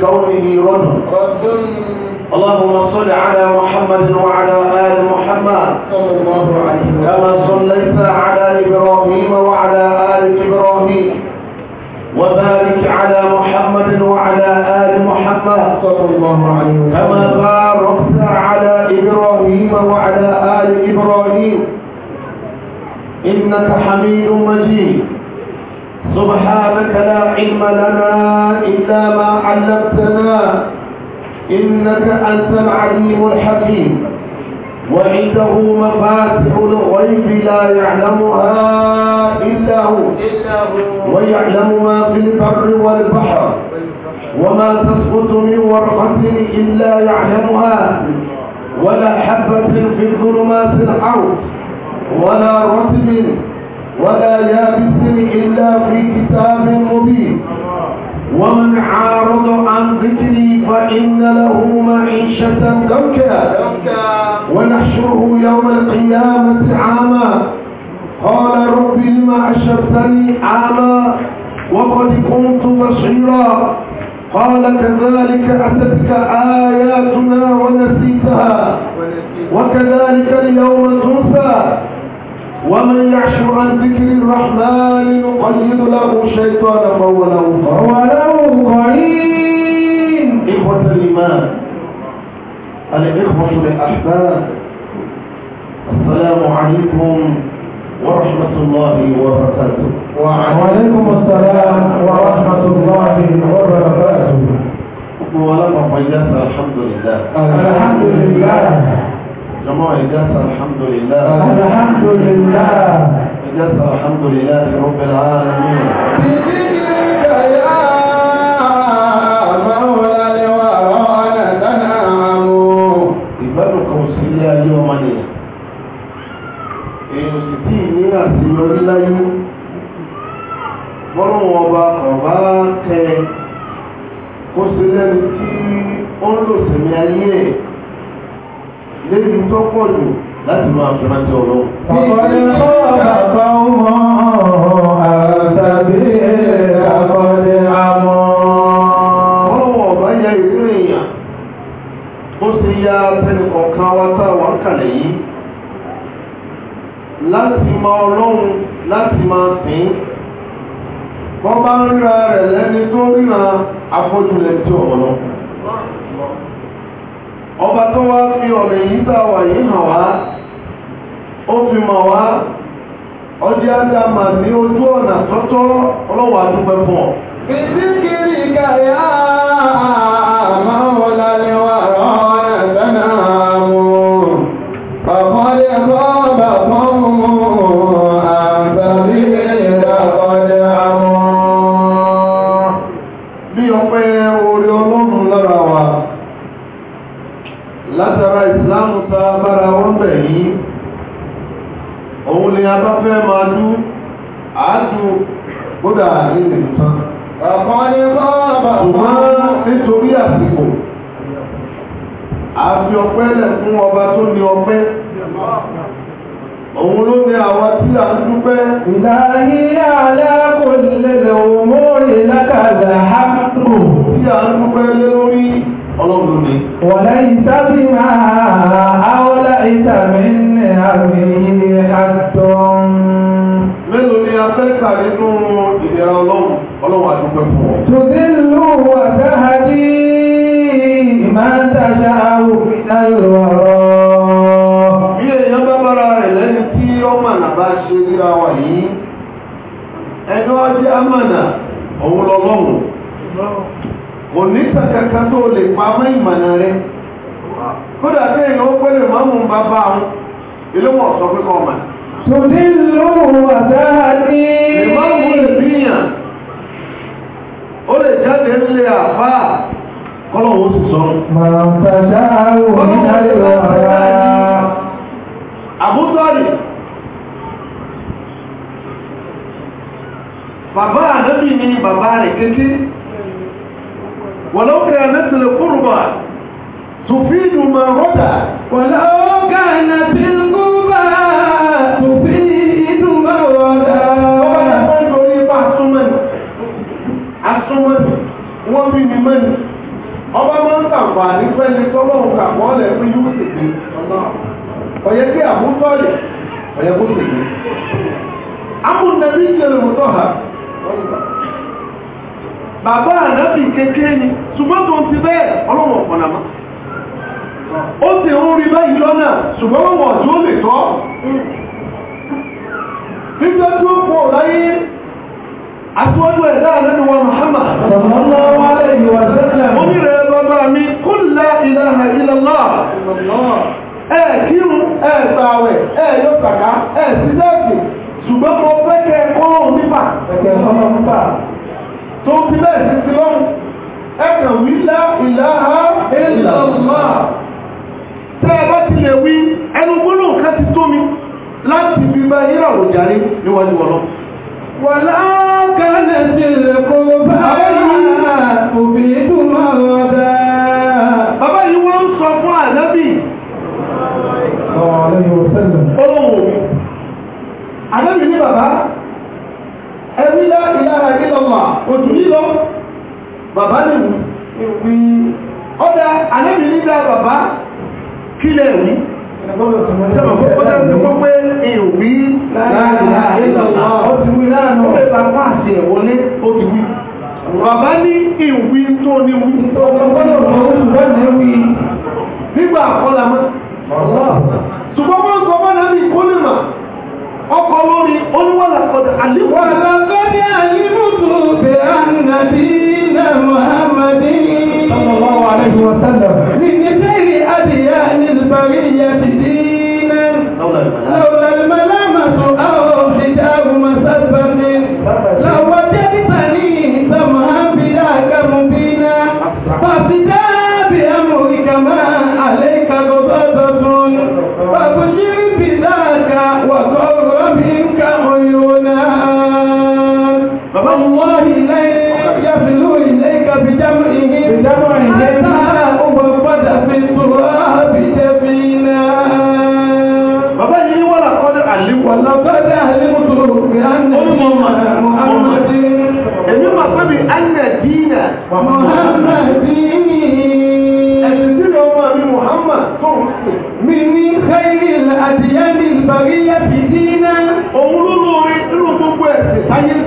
كونه رد اللهم صل على محمد وعلى آل محمد صلى الله عليه وسلم كما صليت على إبراهيم وعلى آل إبراهيم وبارك على محمد وعلى آل محمد صلى الله عليه وسلم كما باركت على إبراهيم وعلى آل إبراهيم إنك حميد مجيد سبحانك لا علم لنا إلا ما علمتنا إنك أنت العليم الحكيم وعنده مفاتح الغيب لا يعلمها إلا هو ويعلم ما في البر والبحر وما تسقط من ورقة إلا يعلمها ولا حبة في ظلمات الأرض ولا رطب ولا يابس إلا في كتاب مبين ومن عارض عن ذكري فإن له معيشة ضنكا ونحشره يوم القيامة عاما قال ربي لما أشرتني عاما وقد كنت بصيرا قال كذلك أتتك آياتنا ونسيتها وكذلك اليوم تنسى ومن يعش عن ذكر الرحمن نقيد له الشيطان فهو له فهو له قرين إخوة الإيمان الإخوة الأحباب السلام عليكم ورحمة الله وبركاته وعليكم السلام ورحمة الله وبركاته ولما فيدت الحمد لله الحمد لله جماعة إجازة الحمد لله الحمد لله إجازة الحمد لله رب العالمين Bọ́lọ́wọ́ ọba ọba tẹ kó sí lẹ́nu tí ó ń lò sẹ̀mí ayé ẹ̀ lẹ́yìn tó pọ̀ jù láti máa fi rántí ọ̀rọ̀. Ìkọ̀lẹ̀ kọ́ ya ìlú èèyàn, ó sì ya tẹnì kọ̀ọ̀kan wa tá kàlẹ̀ yìí. Láti máa ọlọ́run láti máa sìn. Wọ́n bá ń ríra rẹ̀ lẹ́ni tó ríran afọ́júlẹ̀ tí ọ̀rọ̀. ọba tó wá fi ọ̀nà yìí tá wà yìí hàn wá ó fi mọ̀ wá ọjọ́ ní ojú ọ̀nà tọ́tọ́ ọlọ́wà dúpẹ́ fún ọ ti ní bàbá ẹbí lá ìlànà ìlọ́mà òjò lílọ bàbá lè wù ìwì ọ̀dà àlẹ́bí nígbà bàbá kí lè wù Ìjọba kókó tẹ́ ti kó pé ìwí láàrin àìsànlá ó ti wí láàrin ó lè bá fún àti ẹ̀wọlé ó ti wí. Bàbá ní ìwí tó ní wí. Ọ̀pọ̀lọpọ̀ oṣù lọ́nà wí nígbà àkọ́lá mọ́. Ṣùgbọ́n wọ́n sọ mọ́ náà ní kólé mà ọkọ̀ lórí oníwàlà kọ̀dà àlébù. wà lọ́kọ́ ní àlébùkù bẹ̀ ànàbí náà muhammadin. sọ́kọ̀ wà wà lẹ́yìn wọ́n sẹ́lẹ̀. ní ìbárí yẹn kẹ́yìn ilẹ̀ àdìyẹ́mì ìbàríyà ti dínà. Òun ló lò orí inú gbogbo ẹ̀sìn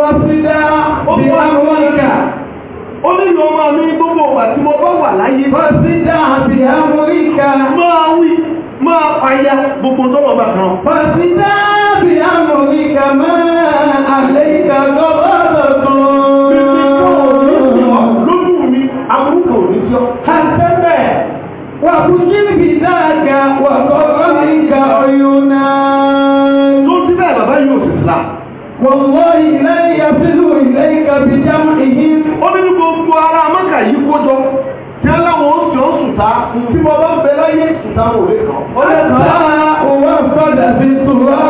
Fàfídá bí amúríkà. Ó ní ìlú ọmọ mi gbogbo ọ̀gbà tí mo bá wà láyé. Fàfídá bí amúríkà. Máa wí, máa pàyà gbogbo tọ́lọ̀ bá kan. Fàfídá bí amúríkà máa àlẹ́ ìkà lọ́wọ́ lọ́tọ́. Bíbí kọ́ òní sí ọ, lójú mi, amúrúkà òní sí ọ. Àtẹ́bẹ̀, wà fún ilẹ̀ ìyàfíìlú ilẹ̀ ìkàbí jámù èyí. ó ní ní gbogbo ara mọ́kà yìí kójọ tí aláwọ̀ ó sì ó sùtá tí mo bá ń bẹ láyé sùtá wò lè kàn. ó lè kàn á òwe fọdà fi bẹ́ẹ̀ kò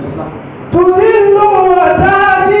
sí sá. tòun ní ló dáadé.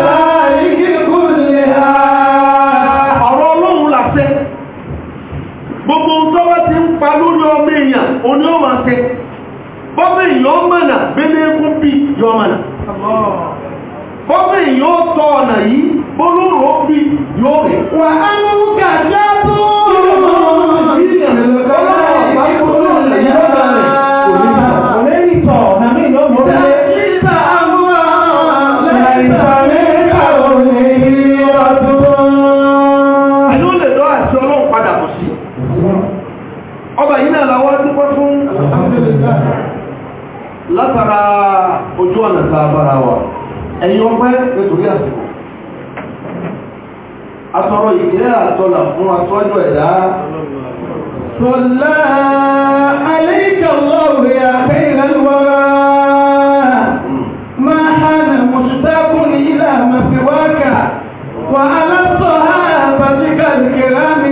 ojú ọmọ náà bọ́bìnrin yóò tọ́ ọ̀nà yìí bólúrò bí yóò rí wà á ń gbàjá atọ́rọ̀ ìgbẹ́ àtọ́là fún atọ́jọ́ ẹ̀dá tọ́lá aléìkàlọ́rẹ̀ àfẹ́ ìrẹ́lúwọ́rá máa hànà mọ̀ṣùtákùn ilẹ̀ àmàfíwákà wà alápọ̀ àbájíkà ìkẹrẹ́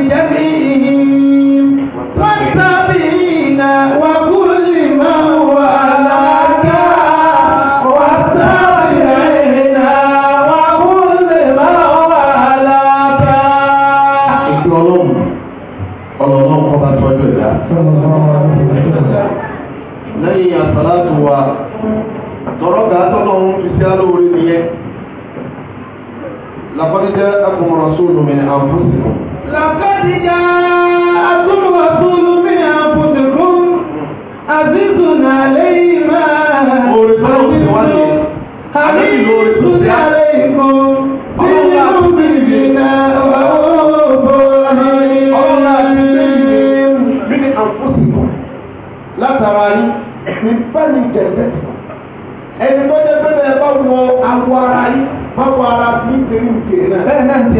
Yẹ́kùnrin kama tẹ́lẹ̀kùnrin òun.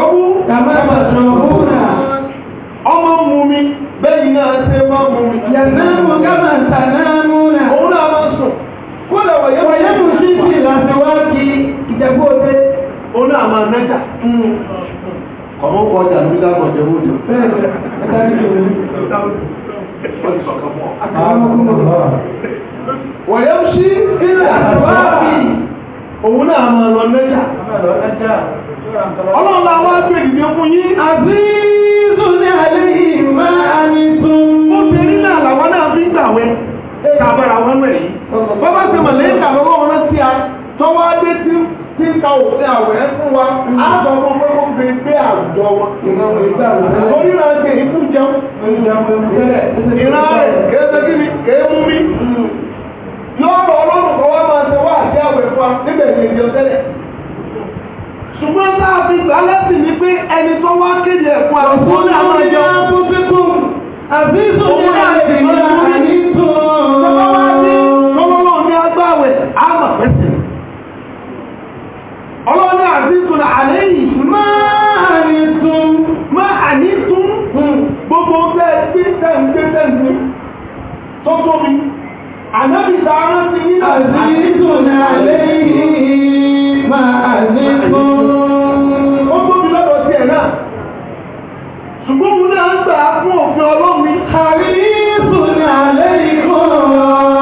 Òun náà máa ọmọ mumi bẹ́yìn náà ṣe mọ́ mumi yẹ̀nàmù gama òun náà máa sùn kó lè wọ̀yẹ́ yẹ́mù sí sí ìrànṣẹ́wọ́ kí ìjẹ̀kú òun náà máa mẹ́ta hmm ọmọ kọ ọjà ní ìdá ọjọ́ òjò bẹ́ẹ̀ ẹ̀ta ní ìṣòro ní wọ̀yẹ́ sí ilẹ̀ àtàwáàbí òun náà mọ̀ lọ lẹ́jà ọlọ́ọ̀lá wá gbé ìdíje fún yí àzízù ní alẹ́ ìmá àníṣùn mú ṣe rí náà làwọn náà fi gbàwẹ́ tàbára wọn mẹ́rin bọ́bá ṣe mọ̀lẹ́ ìgbàwọ́ wọn rántí a tọ́wọ́ adé tí ń títa òfin àwẹ̀ fún wa àgbọ̀gbọ̀ gbogbo fi gbé àwùjọ wa torí náà ikú jẹun ìran rẹ̀ kéèké kíni kéé mú mi yóò rọ ọlọ́run kọ́ máa ṣe wá àti àwẹ̀ fún wa níbẹ̀ ní ìjọ tẹ́lẹ̀ ṣùgbọ́n tá fi gbà lẹ́sìn ni pé ẹni tó wá kéde ẹ̀fún àti ọlọ́ni àzíkùn àlẹ́yìn máa ní tún máa ní tún gbogbo tẹ́ẹ̀gbí tẹ́ẹ̀gbí tẹ́ẹ̀gbí tó tóbi ànábìta rántí ní àzíkùn àlẹ́yìn máa ní tún ó tóbi lọ́dọ̀ sí ẹ̀ náà ṣùgbọ́n mo náà ń gbà fún òfin ọlọ́mi àríkùn àlẹ́yìn máa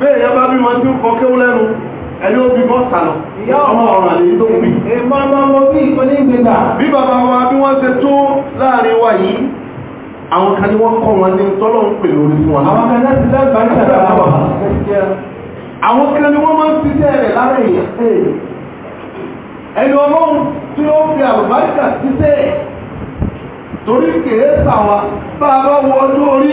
bẹ́ẹ̀ yẹn bá bí wọn tí ó kọ kéwú lẹ́nu ẹni ó bí bọ́ sàlọ̀ ọmọ ọ̀rọ̀ àlè tó bí. èèmọ̀ ọmọ ọmọ bí ìkọ́ ní ìgbéga. bí bàbá wa bí wọ́n ṣe tó láàrin wa yìí àwọn kan ní wọ́n kọ́ wọn ní tọ́lọ́ ń pè lórí fún wa. àwọn kan láti lẹ́gbàá ń ṣẹlẹ̀ àwọn àwọn kan ní wọ́n máa ń ṣiṣẹ́ rẹ̀ lára èèyàn ẹni ọlọ́run tí ó fi àlùbáríkà ṣiṣẹ́ torí kèé sàwọn bá a bá wọ ọdún orí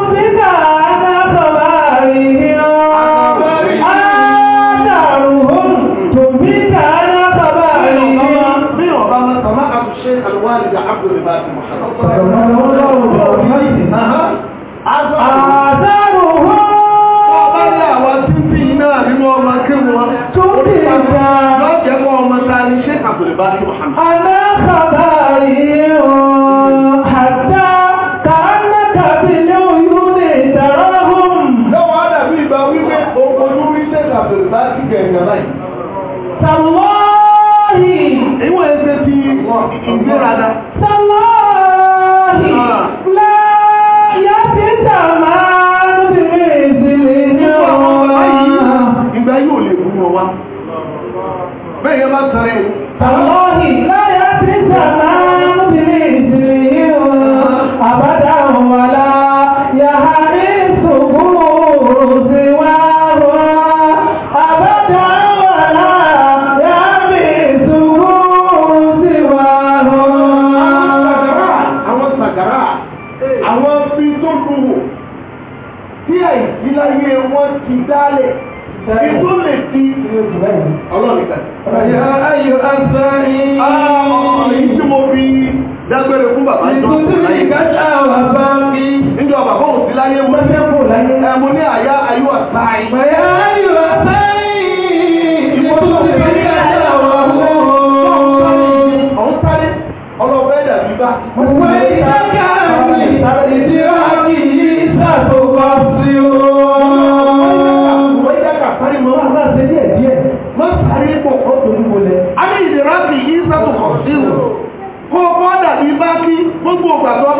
comprador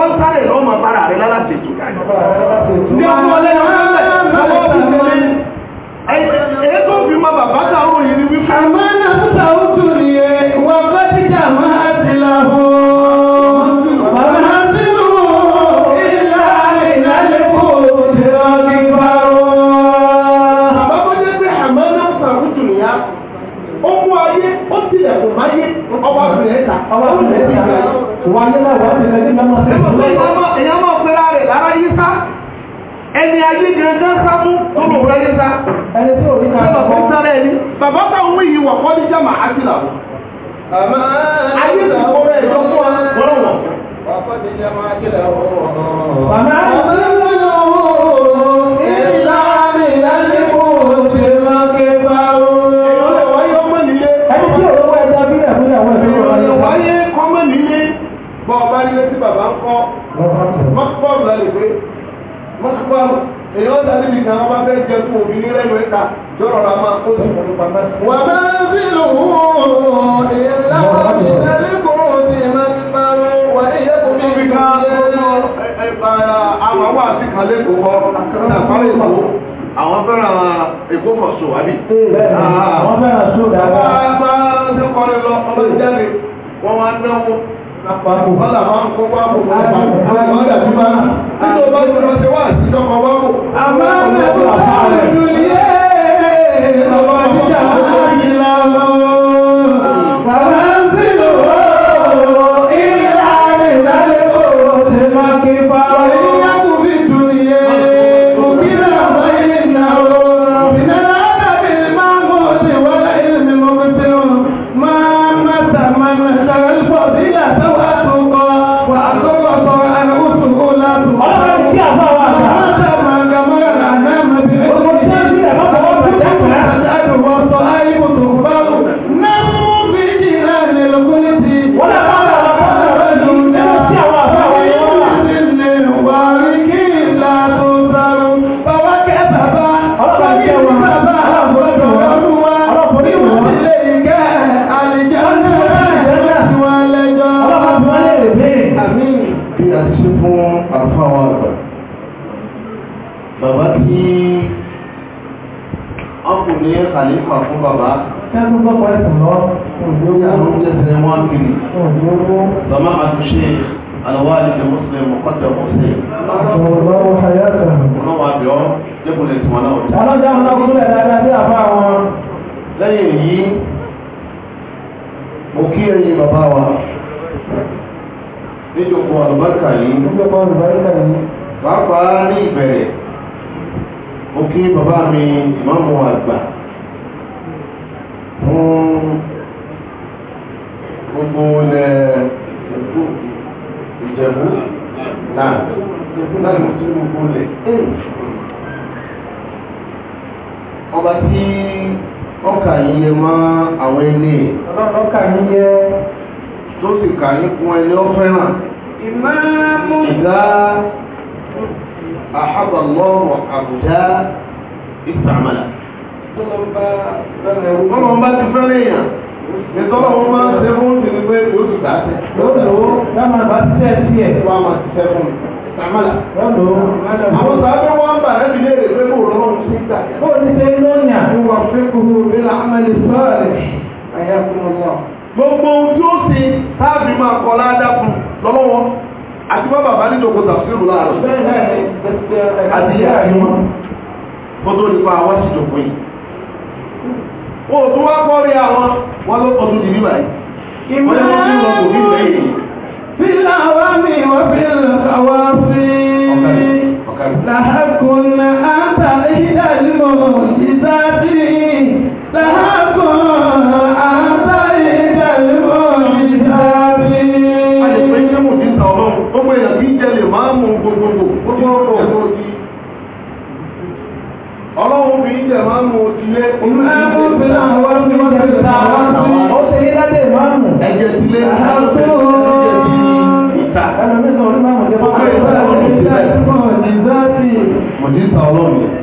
ọba tí ọkà yíyẹ mọ́ àwọn ẹni ọlọ́run ọkà yíyẹ tó sì kà nípun ẹni ó fẹ́ràn ìmáàmù ìdá àhábàlọ́rọ̀ àbùdá ìtàmàlà ọlọ́run bá ti fẹ́ràn èèyàn ìtọ́lọ̀ wọn máa ń ṣe fún ti ní pé yóò ti gbà tẹ̀ lọ́dọ̀ dáná àrẹ́bì lè rè pé kò rọrùn sí ìgbà ó ní pé lónìí àfihàn pé kò rò bí láàmàlì sọ́ọ̀rẹ̀ àyàkùnmọ̀ gbogbo ohun tí ó sì táàbì máa kọ ládàkùn lọ́wọ́ àti bá bàbá nílò tàfíìrù láàrọ̀ àti ìyá àríwọ̀n kó tó nípa àwọn ìjọpọ̀ yìí ó tó wá kọ́ rí àwọn wọn ló kọ́ tó di nígbà yìí wọ́n لهكن أنت إلى المعجزات لهكن أنت إلى المعجزات Àyẹ̀fẹ́ ń jẹ́ mòjíta ọlọ́run, gbogbo èèyàn kìí jẹ lè máa mú gbogbogbò, gbogbo ọ̀rọ̀ ọ̀rọ̀ Ọlọ́run fi ń jẹ máa mú òtílé, olúkìí jẹ máa mú òtílé. máa mú. Ẹ̀jẹ̀ sílé. Àwọn tó ọ̀dínsà ọlọ́run yẹn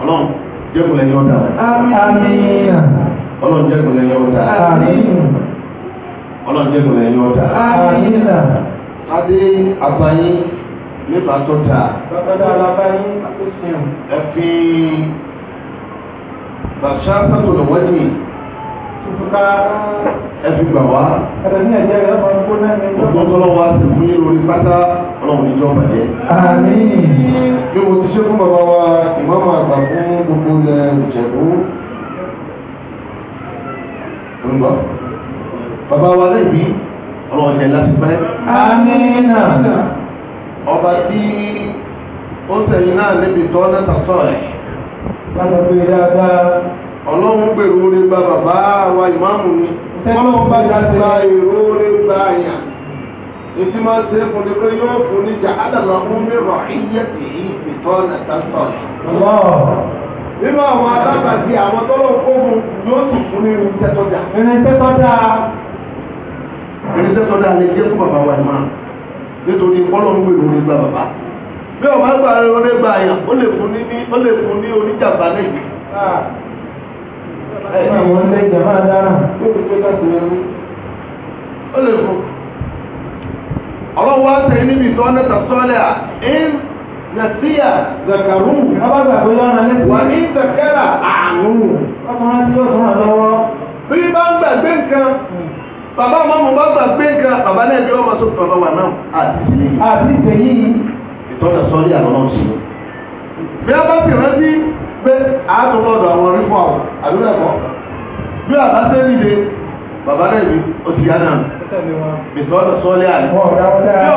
ọlọ́run jẹ́kùnlẹ̀ yọ dáa ọlọ́run jẹ́kùnlẹ̀ yọ dáa ọlọ́run jẹ́kùnlẹ̀ yọ dáa adé abayín nípa tó dáa ẹ̀fín bàṣá sátò lọ́wọ́ yìí ká ẹ̀fì gbà wá ọ̀tọ̀ tọ́lọ́ wa sì fún yín lórí pátá ọlọ́run níjọ́ bàjẹ́ bí mo ti ṣe fún bàbá wa ìmọ̀mọ̀ àgbà fún gbogbo ilẹ̀ ìjẹ̀bú bàbá wa lẹ́bí ọlọ́run jẹ́ láti pẹ́ ọba tí ó tẹ̀yìn náà níbi tọ́ lẹ́tà sọ́ọ̀rẹ̀ ọlọ́run pèrò orí gba bàbá wa ìmáàmù ni ọlọ́run bá já gba èrò orí gba àyà ètí máa ń ṣe é fún ni pé yóò fún ní jà ádàlà omi rọ̀ iye tì í ìfìtọ́ nàtàtọ̀ nínú àwọn alábàtì àwọn tọ́lọ̀ kóhun yóò sì fún ní irinṣẹ́ tó dà irinṣẹ́ tó dà irinṣẹ́ tó dà lè jẹ́ bàbá wa ìmáàmù nítorí ọlọ́run pèrò orí gba bàbá bí ọba gba orí gba àyà ó lè fún ní oníjàmbá lẹ́yìn ah ẹ̀yìn àwọn ilé ìjàmá dára tó ti pé láti ẹrú ó lè fún ọlọ́wọ́ sẹ́yìn níbi tó ń dẹ́ta sọ́lẹ̀ à ń nàṣíyà zakaru abájá tó yára ní wà ní zakara àrùn ọkùnrin tí ó sọ àlọ́wọ́ bí bá ń gbàgbé nǹkan bàbá mọ́mú bá gbàgbé nǹkan bàbá náà bí wọ́n máa tó bàbá wà náà àti ìtẹ̀yìn ìtọ́jà sọ́lẹ̀ àlọ́nà sí bí a bá ti rántí pé àátọ́lọ́dọ̀ àwọn orí fún àwọn àdúrẹ́kọ́ bí àbá tẹ́ nílé bàbá náà ní oṣù yá náà bèsè ọ̀dọ̀ sọ́ọ́lẹ̀ àlẹ́ bí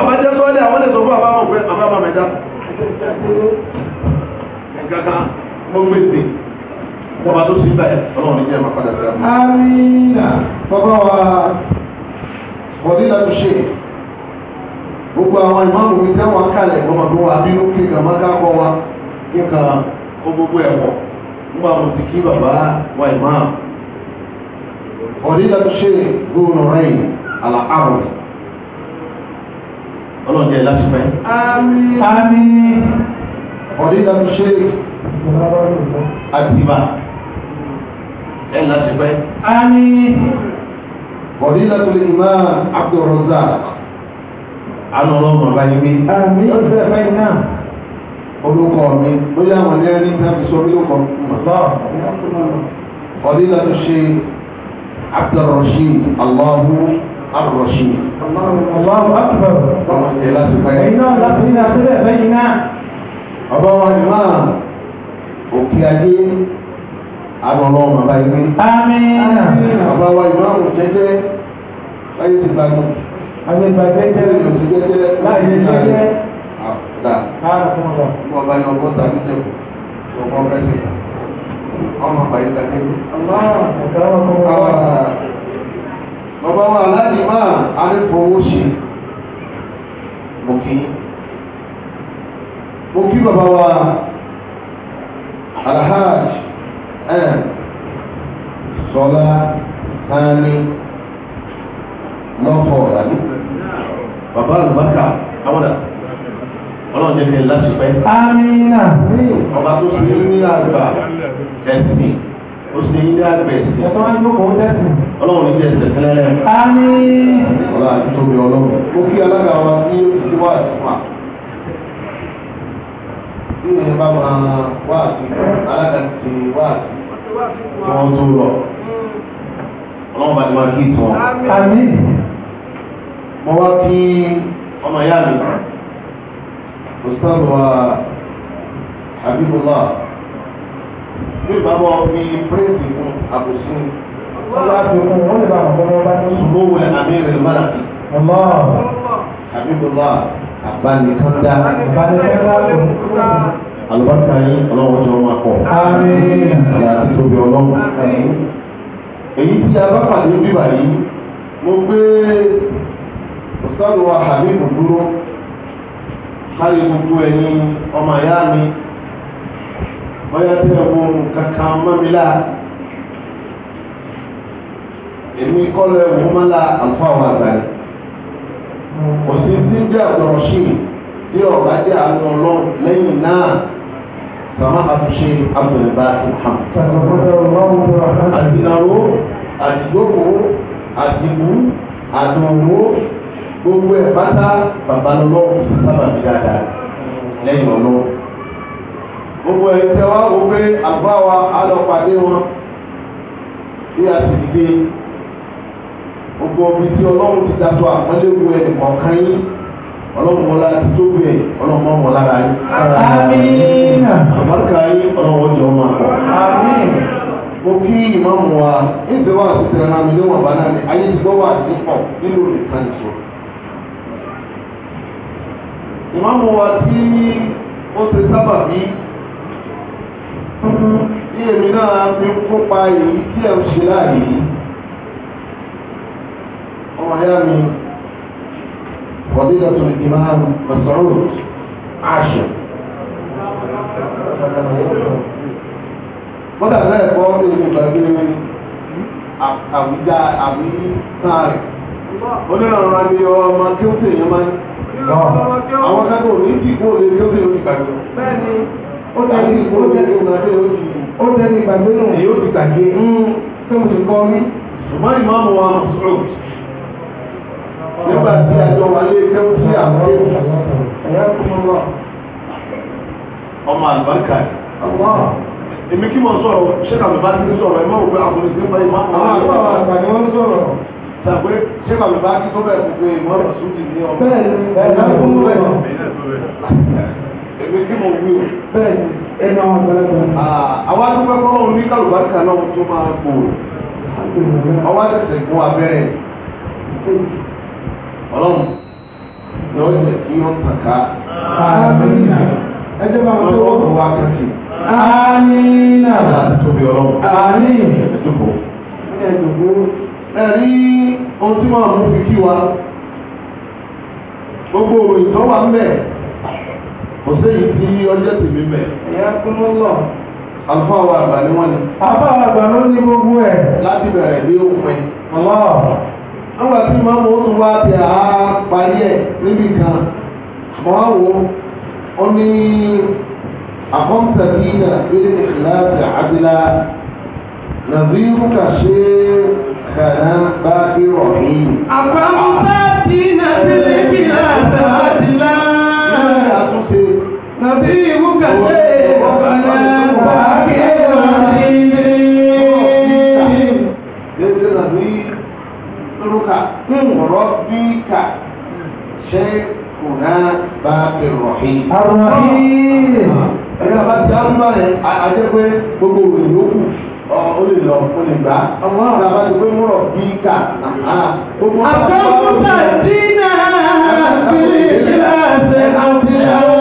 ọ̀bá jẹ́ sọ́ọ́lẹ̀ àwọn lè sọ fún àbámọ̀ pé àbámọ̀ mẹ́ta nǹkankan mo gbèsè ọba tó sì bẹ̀ ọlọ́run ní jẹ́ máa padà sí àmì. amina bàbá wa bọ̀dí láti ṣe gbogbo àwọn ìmáàmù mi tẹ́wọ̀n kalẹ̀ ọmọdún wa bínú kí n kà má ká kọ́ wa kí n kà ó gbogbo ẹ̀wọ̀ nígbà mo ti kí bàbá wa imam ọ̀dídà tó ṣe gómìnà rẹ̀ àlàárọ̀ ọlọ́jẹ́ láti pẹ́ àmín ọ̀dídà tó ṣe àdìbà ẹ̀ láti pẹ́ àmín ọ̀dídà tó lè má Abdul Razak alọ́lọ́mọ̀ báyìí mi àmín ọ̀dídà báyìí náà orúkọ mi lórí àwọn ilé ẹni náà fi sórí orúkọ ọdílà tó ṣe abdulrashi allahu arrashi allahu akbar ọmọdé láti pẹ́ iná láti ní àtúlẹ̀ lẹ́yìn náà ọba wa ni máa òkè ajé àbọ̀lọ́ bàbá là wọ́n bá ní ọgbọ́n tàbí jẹ́ ọgbọ́n fẹ́sẹ̀ ọmọ pàdé tàbí bàbá wa láti máa arífowó sí mọ̀kí mọ̀kí bàbá wa alhaj ẹ̀ sọ́lá tání lọ́pọ̀ ọ̀rọ̀ bàbá àlùbákà àwọn àti ọlọ́run jẹ́ kẹ́lẹ́ láti pẹ́. amina. ọba tó ṣe é ní àgbà ẹ̀sìn ó ṣe é ní àgbà ẹ̀sìn. ẹ̀sọ́ wájú kò ó tẹ̀sìn. ọlọ́run ní tẹ̀sẹ̀ tẹ́lẹ̀. ami. ọlọ́run àti tóbi ọlọ́run. ó kí alága wa sí ìwà ìfà. bí ìyẹn bá máa wá àti alága ti wá àti tó lọ. ọlọ́run bá ti wá kí ìtàn. ami. mo wá kí ọmọ ìyá mi ustaz wa habibullah bí bàbá fi pírẹ́sì fún àbùsùn wọ́n láti fún wọ́n lè bá àwọn ọmọ bá tó sùn lówó ẹ̀ amírẹ̀ mọ́làkì habibullah àbánikọ́ndá àbánikọ́ndá àlùbáṣà yìí ọlọ́wọ́ jọ máa pọ̀ ìyá àti tóbi ọlọ́wọ́ èyí tí a bá pàdé bíbà yìí káyé gbogbo ẹ̀yin ọmọ ìyá mi bọ́yá tẹ́ ẹ̀wọ̀n kankan mọ́ mi láà èmi kọ́lọ̀ ẹ̀wọ̀n mọ́ láà àlùfáà àgbáyé kò sí sí jẹ́ àgbọ̀rọ̀ sí bí ọ̀gá jẹ́ àánú ọlọ́run lẹ́yìn náà sàmá àtúnṣe abdulba muhammad àdìnàwó àdìgbòkó àdìgbò àdùnwó gbogbo ẹ pátá bàbá lọ́wọ́ sábà fi dáadáa lẹ́yìn gbogbo ẹ tẹwa ogbe agbawa pé àgbà wa á wọn bí a sì dé gbogbo omi tí ọlọ́run ti àpọ́nlé wu yín ọlọ́run ti tó ọlọ́run yín. yín ọlọ́run jọ kọ́. mo kí wa náà ni ayé ti pọ̀ ìmáàmù wa tí ó ti sábà bí ní èmi náà fi ń kópa èyí tí ẹ̀ ń ṣe láàyè ọmọ ayá mi wàdíjà tó ní ìmáàmù Mas'ud àṣẹ mọ́tà náà kọ́ ní ìgbàgbé àwùjá àwùjá sáà rẹ̀ onírànlọ́ra ni ọmọ kí ó sì èèyàn máa ń àwọn kan ò ní ìdìbò lè tó lè orí ìgbàgbé bẹ́ẹ̀ni ó tẹ́lẹ̀ ìgbò ìgbàgbé náà èyí ó ti gbàgbé tó hmm. mo ti kọ́ rí ṣùgbọ́n ìmọ̀mù wa mọ̀ nígbà tí àjọ wà lé ẹgbẹ́ sí àwọn ẹ̀yà kúmọ̀ lọ ọmọ àlùbáríkà èmi kí mo sọ̀rọ̀ ṣé kàbí bá ti sọ̀rọ̀ ẹ̀ mọ̀ òpin àkùnrin sí pẹ́ ìmọ̀ àwọn àgbà ni wọ́n sọ̀rọ̀ sabe? sàpé ṣé bàbá bá kí tó bẹ̀rẹ̀ fún pé mọ́rọ̀ sùn ti ní ọmọ bẹ́ẹ̀ni ẹ̀ka tó bẹ̀rẹ̀ èmi tí mo wí o bẹ́ẹ̀ni ẹ̀ka wọn gbẹlẹ́gbẹ́. àwa tó fẹ́ fọ́nrán ní kálùbáríkà náà tó máa gbòòrò ọwọ́ àtẹ̀sẹ̀ fún abẹ́rẹ́ ọlọ́run lọ́wọ́ ìṣẹ̀ kí wọ́n tàn ká. ẹjẹ́ bá wọn tó wọ́n tó wá kẹ́kẹ́. àmín náà tóbi ọlọ́run àmín ẹ̀dùnkù ẹ̀rí ohun tí wọ́n mú fi kí wa gbogbo òròyìn tó wà ń bẹ̀ kò séyìí tí ọjọ́ tèmi bẹ̀. ẹ̀yà kúnú lọ. àlùfáà wa àgbà ni wọ́n ni. àlùfáà wa àgbà ló ní gbogbo ẹ̀. láti bẹ̀rẹ̀ dé òpin. ọlọ́ọ̀ nígbà tí màá mú òun wá ti àá parí ẹ̀ níbi kan mọ́ á wò ó ní àkọ́ǹtà bíi nàìjíríà ìlà àdìlà nàìjíríà kà ṣe é kàlámbá ìrọ̀hìn. àfàmùsá tí nàbí lèkì láti láti lá. nàbí ìwú kàṣẹ́ kàlámbá ìrọ̀hìn. lẹ́sẹ̀ nàbí lórúkà ọ̀rọ̀ bí kà ṣe kùnà bá ìrọ̀hìn. àrùn àhìn. ẹ̀yà bá ti dá ń bá rẹ̀ àjẹ́pẹ́ gbogbo òyìnbó kù ó lè lọ ó lè gbà ọmọ ti pé múrọ̀ bí kà àbẹ́kúta dínà àti ìlàsẹ̀ àti àwọn.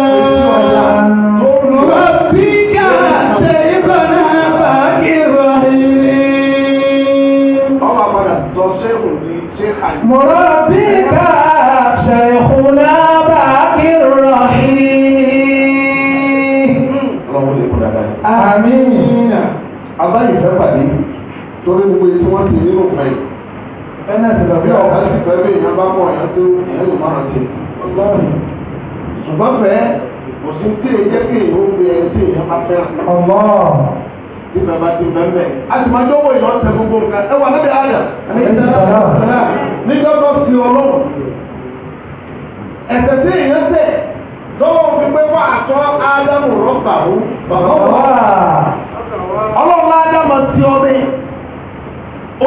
bí ọ̀gá sì fẹ́ bí èèyàn bá mọ̀ ẹ̀yán tó ìyẹn lè máa ṣe ọlọ́run ṣùgbọ́n fẹ́ kò sí tí èyí jẹ́ kí èèyàn ó gbé ẹni tí èèyàn bá fẹ́ ọmọ tí bàbá ti bẹ́ẹ̀ a sì máa jọ́wọ́ èèyàn tẹ gbogbo nǹkan ẹ wà níbi àdà nígbàgbọ́ sí ọlọ́run ẹ̀sẹ̀ tí èèyàn tẹ̀ lọ́wọ́ fi pé wà àtọ́ ádámù rọ́bà ó bàbá ọlọ́run ádámù ti ọdẹ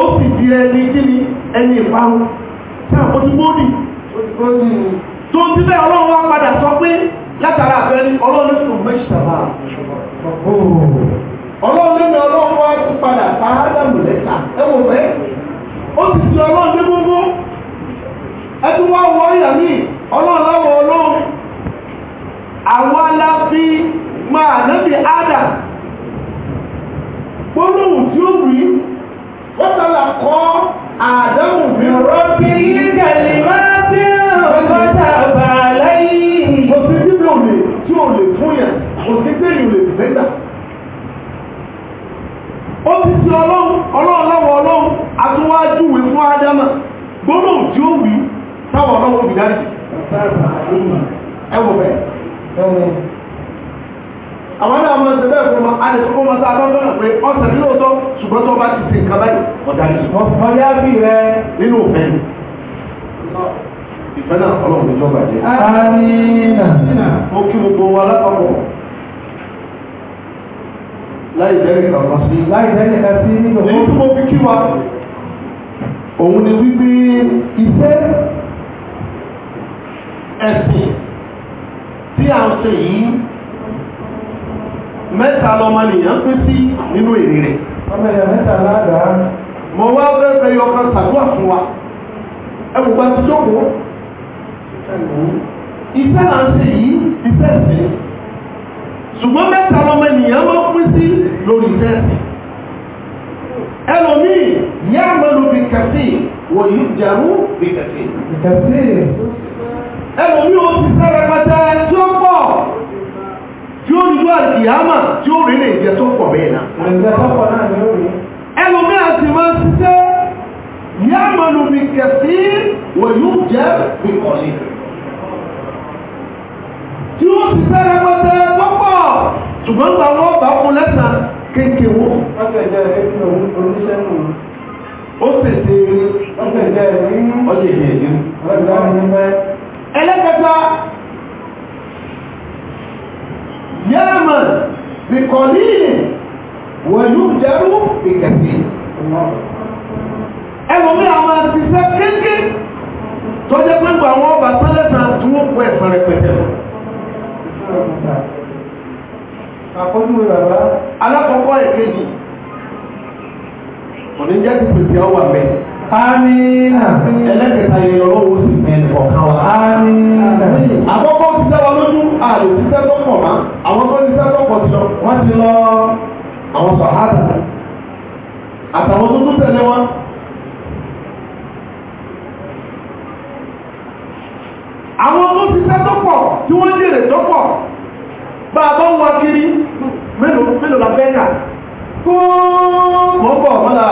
ó sì di ẹni kí ni ẹni ìparun sáà ó ti gbóòdì tó ti ọlọ́run wá padà sọ pé látara àfẹ́rí ọlọ́run tó mẹ́ṣítà bá ọlọ́run ní ọlọ́run wá ti padà pa ádámù lẹ́ta ẹwọ fẹ́ ó ti ti ọlọ́run ní gbogbo ẹtú wọ àdánù mi rọ́bí gẹ̀lì máa tí ọgọ́ta bà lẹ́yìn. kò sí bíbí òlè tí ò lè fún yàn kò sí bẹ́ẹ̀ ò lè fẹ́gbà. ó ti ti ọlọ́run ọlọ́run ọlọ́run atúwájúwe fún ádámà gbọ́dọ̀ tí ó wí táwọn ọlọ́run òbí dájú. ẹwọ bẹ́ẹ̀ àwọn náà mọ̀ ṣe bẹ́ẹ̀ fún ọmọ adìsọ́kọ́ mọ́ sáà tọ́jọ́ náà pé ọ̀sẹ̀ nínú ọ̀tọ́ ṣùgbọ́n tó bá ti ṣe nǹkan báyìí ọ̀dàlẹ̀ ṣùgbọ́n yá bí rẹ nínú òfẹ́ ìfẹ́ náà ọlọ́run ìjọba jẹ́ àmìnà ó kí gbogbo wa lápapọ̀ láì jẹ́rìí kàkọ́ sí láì jẹ́rìí kàkọ́ sí nínú òfin tí mo fi kí wa òun ni wípé iṣẹ́ ẹ̀sìn tí mẹ́ta lọmọ nìyàn pín sí nínú èrè rẹ̀ mo wá bẹ́ẹ̀ yọ kan sàdúrà fún wa ẹwù bá ti jókòó iṣẹ́ là ń Se yìí iṣẹ́ ẹ̀sìn ṣùgbọ́n mẹ́ta lọmọ ènìyàn máa pín sí lórí iṣẹ́ ẹ̀sìn ẹlòmíì yá mẹ́lú bí kẹsì wòyí jẹ̀rú bí kẹsì ẹlòmíì ó ti sẹ́rẹ̀ pátá tí ó dúdú àdìyámà tí ó rí lè jẹ tó pọ̀ bẹ́ẹ̀ náà. ẹlòmíràn sì máa ń ṣiṣẹ́ yámanu bí kẹsí wọ̀ yóò jẹ́ ìkọ̀lẹ̀. tí ó ṣiṣẹ́ rẹpẹtẹ pọ́pọ̀ ṣùgbọ́n gba wọn bá fún lẹ́sàn kéèké wo. ó ṣèṣe eré ọjọ́ ìjẹ́ ìrírí ọjọ́ ìjẹ́ ìrírí yẹ́mà bìkọ̀lì wẹ̀lú jẹ́rú ìkẹ̀sí ẹlòmí àwọn àtisẹ́ kéèké tó jẹ́ pé gbà wọ́n bá tẹ́lẹ̀ tàn tún ó pẹ́ ẹ̀sán rẹpẹtẹ lọ. alákọ̀ọ́kọ́ ẹ̀kejì kò ní jẹ́ ti pèsè ọwà mẹ́rin Amina. Ẹlẹ́kẹta yẹ ọ̀rọ̀ wo sì fẹ́ ẹnì kọ̀ọ̀kan wa. Amina. Àkọ́kọ́ ti sẹ́wọ́ lójú, àlè ti sẹ́tọ́ pọ̀ mọ́, àwọn tó ti sẹ́tọ́ pọ̀ sí lọ, wọ́n ti lọ àwọn sọ̀hádà. Àtàwọn tó tẹ̀lé wọn. Àwọn tó ti sẹ́tọ́ pọ̀ tí wọ́n jèrè tó bá a bá wá kiri mélòó mélòó la fẹ́ kà. Kó mọ̀ bọ̀ mọ́lá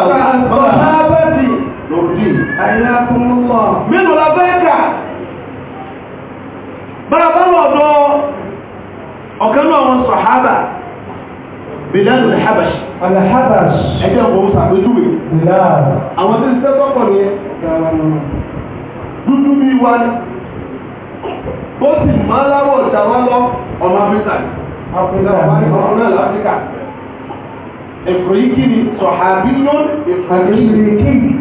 mọ́lá lòdì àìlákùnlọ́ mínú labẹ́ẹ̀kà bára bá lọ́dọ̀ ọ̀kanú àwọn sàhábà bìlánù alhabash alhabash ẹgbẹ́ ọkùnrin sàpéjúwé àwọn tí ṣe tọ́pọ̀ ní dúdú bí wá ní ó sì má láwọ̀ ìdáwà lọ ọmọ afirka ọkùnrin kí ni sọ̀hábí lónìí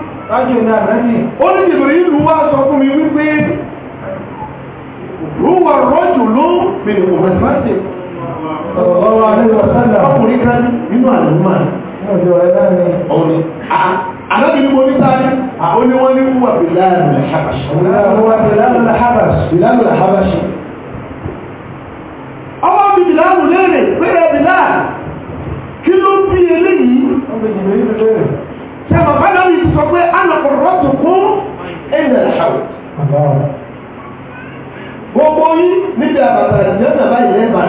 ó ní jìbìrì ìlú wá sọ fún mi wípé rúwà rọ́jù ló bèèrè kò mẹ́tìmáṣì ọ̀rọ̀ àdéhùwàsánà ọkùnrin kan nínú àdúgbà ọ̀rọ̀ alábi mo ní sáré àwọn ni wọ́n ní wúwà bìláàrùn làhábàṣì wúwà bìláàrùn làhábàṣì ọmọ bí bìláàrùn léèrè pé ẹ bìláà kí ló bí eléyìí ṣe bàbá náà yìí sọ pé anàkọ̀rọ̀ tó kún ẹ̀yìn àṣàwọ̀ gbogbo yìí níbi àbàtà ìjẹ́ nàbá ìyẹn bà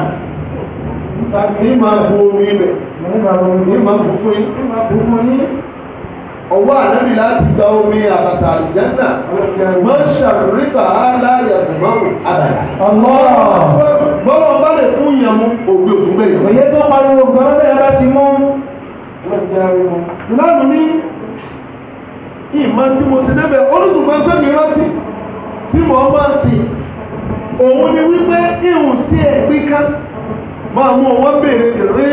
ní máa bu omi ibẹ̀ ní máa bu fún yín ní máa bu fún yín ọwọ́ ànábì láti gba omi àbàtà ìjẹ́ náà máa ń ṣàrúríkà aláyà ìgbọ́rù àbàtà. bọ́lá bá lè fún yẹn mú òbí òkú bẹ́ẹ̀. òye tó pariwo gan-an bẹ́ẹ̀ bá ti mú. lánàá ní ìmọ̀ tí mo ti débẹ̀ tí mo máa sì òun ni wípé ìhùn sí ẹ̀gbí ká máa mú ọwọ́ bèèrè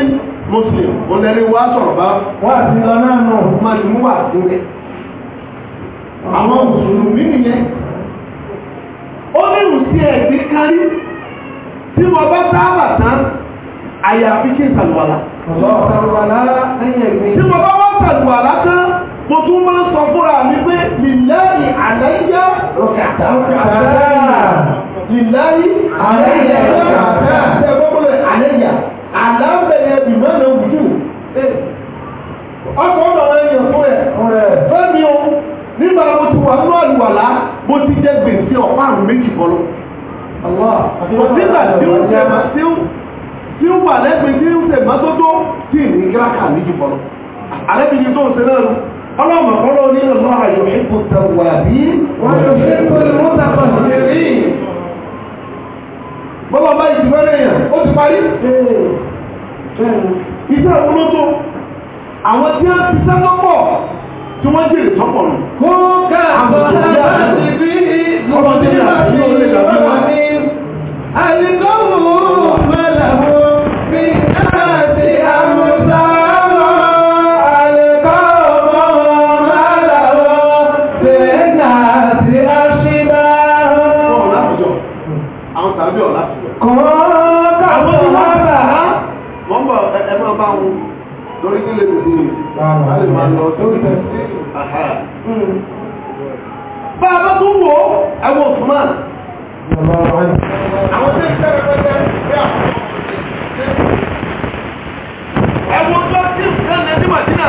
muslim sọ̀rọ̀ bá wà sí lọ náà náà máa ti mú wà sí rẹ̀ àwọn mùsùlùmí nìyẹn ó ní sí ẹ̀gbí kárí tí bá tán mo tún máa ń sọ fúnra mi pé lìláyì àlẹ́yà rọ̀kàtà lìláyì àlẹ́yà rọ̀kàtà ṣe gbọ́gbọ́lẹ̀ àlẹ́yà àlàbẹ̀yẹ bìmọ́nà òjò ọkọ̀ ọ̀dọ̀ ẹ̀yàn fún ẹ̀ fẹ́mi o nígbà mo ti wà nínú àlùwàlá mo ti jẹ gbèsè ọ̀pá àrùn méjì bọ́lọ́ kò sígbà tí ó jẹ tí ó tí ó wà lẹ́gbẹ̀ẹ́ tí ó tẹ̀ mọ́tótó tí ìrìn kíláka méjì bọ́lọ́ àlẹ́bìnrin tó ń ṣe náà ọlọ́mọ̀ kọ́lọ́ nínú mọ́ àyò ṣípò tàwà bí wọ́n yóò ṣípò ìmúdàpọ̀ sí rí bọ́bá bá ìtìwẹ́rẹ̀ èèyàn ó ti parí iṣẹ́ olóto àwọn tí wọ́n ti tí wọ́n jèrè tọ́pọ̀ nù kó káàkó Hmm. bá a bá tún wò ó àwọn Usman àwọn tí ń tẹ́ rẹpẹtẹ bí a ẹ̀wọ̀n tó ti ń tẹ́ lẹ́dí màdínà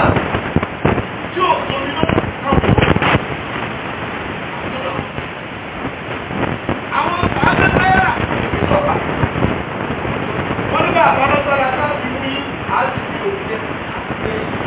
tí ó tó ní lọ́pọ̀ àwọn àgbẹ̀tẹ́yà ìjọba wọ́n nígbà àbádọ́tọ́ra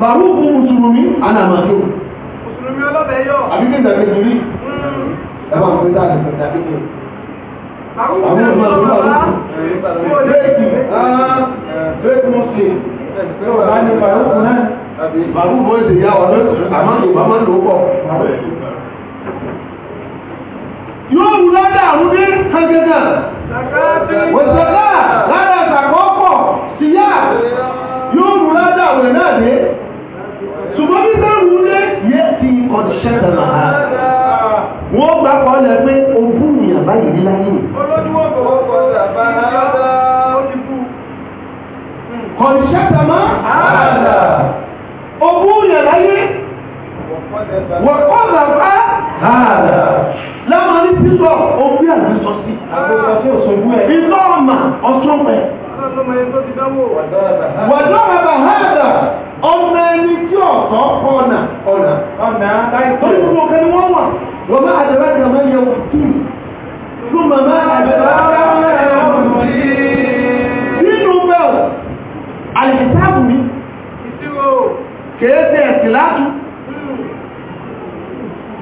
bàbú fún mùsùlùmí alàmàjò mùsùlùmí ọlọ́bẹ̀ yọ àbíkí ìdàgbé torí ẹwà ń pín dáadé pẹ̀lú àbíkí àwọn ọmọ ọmọ ọmọ ọmọ lẹ́ẹ̀kì lẹ́ẹ̀kì mọ́sí ẹwà ní bàbú náà bàbú bọ́ èdè yà wà lọ́sùn àmọ́ ìgbà máa ń lò pọ̀ yóò wù lọ́dà àwọn dé kankankan wọ̀sàkà lára àtàkọ́ pọ̀ síyá yóò wù lọ́dà àwọn náà dé ṣẹ́dàmà ha wọ́n gbà kọ́ lẹ pé ogún èèyàn báyìí ní láyé kọ̀ṣẹ́dàmà ààrà ogún èèyàn láyé wọ̀kọ́lá hádà ọmọ ẹni tí ọ̀tọ̀ kọ́nà gbogbo kan wọ́n wà wọ́n bá àdàbà kan máa yẹ wọ́n tù fún màmá àdàbà kan máa yẹ wọ́n tù nínú bẹ́ẹ̀ alìsàbù mi kèése ẹ̀sìlátù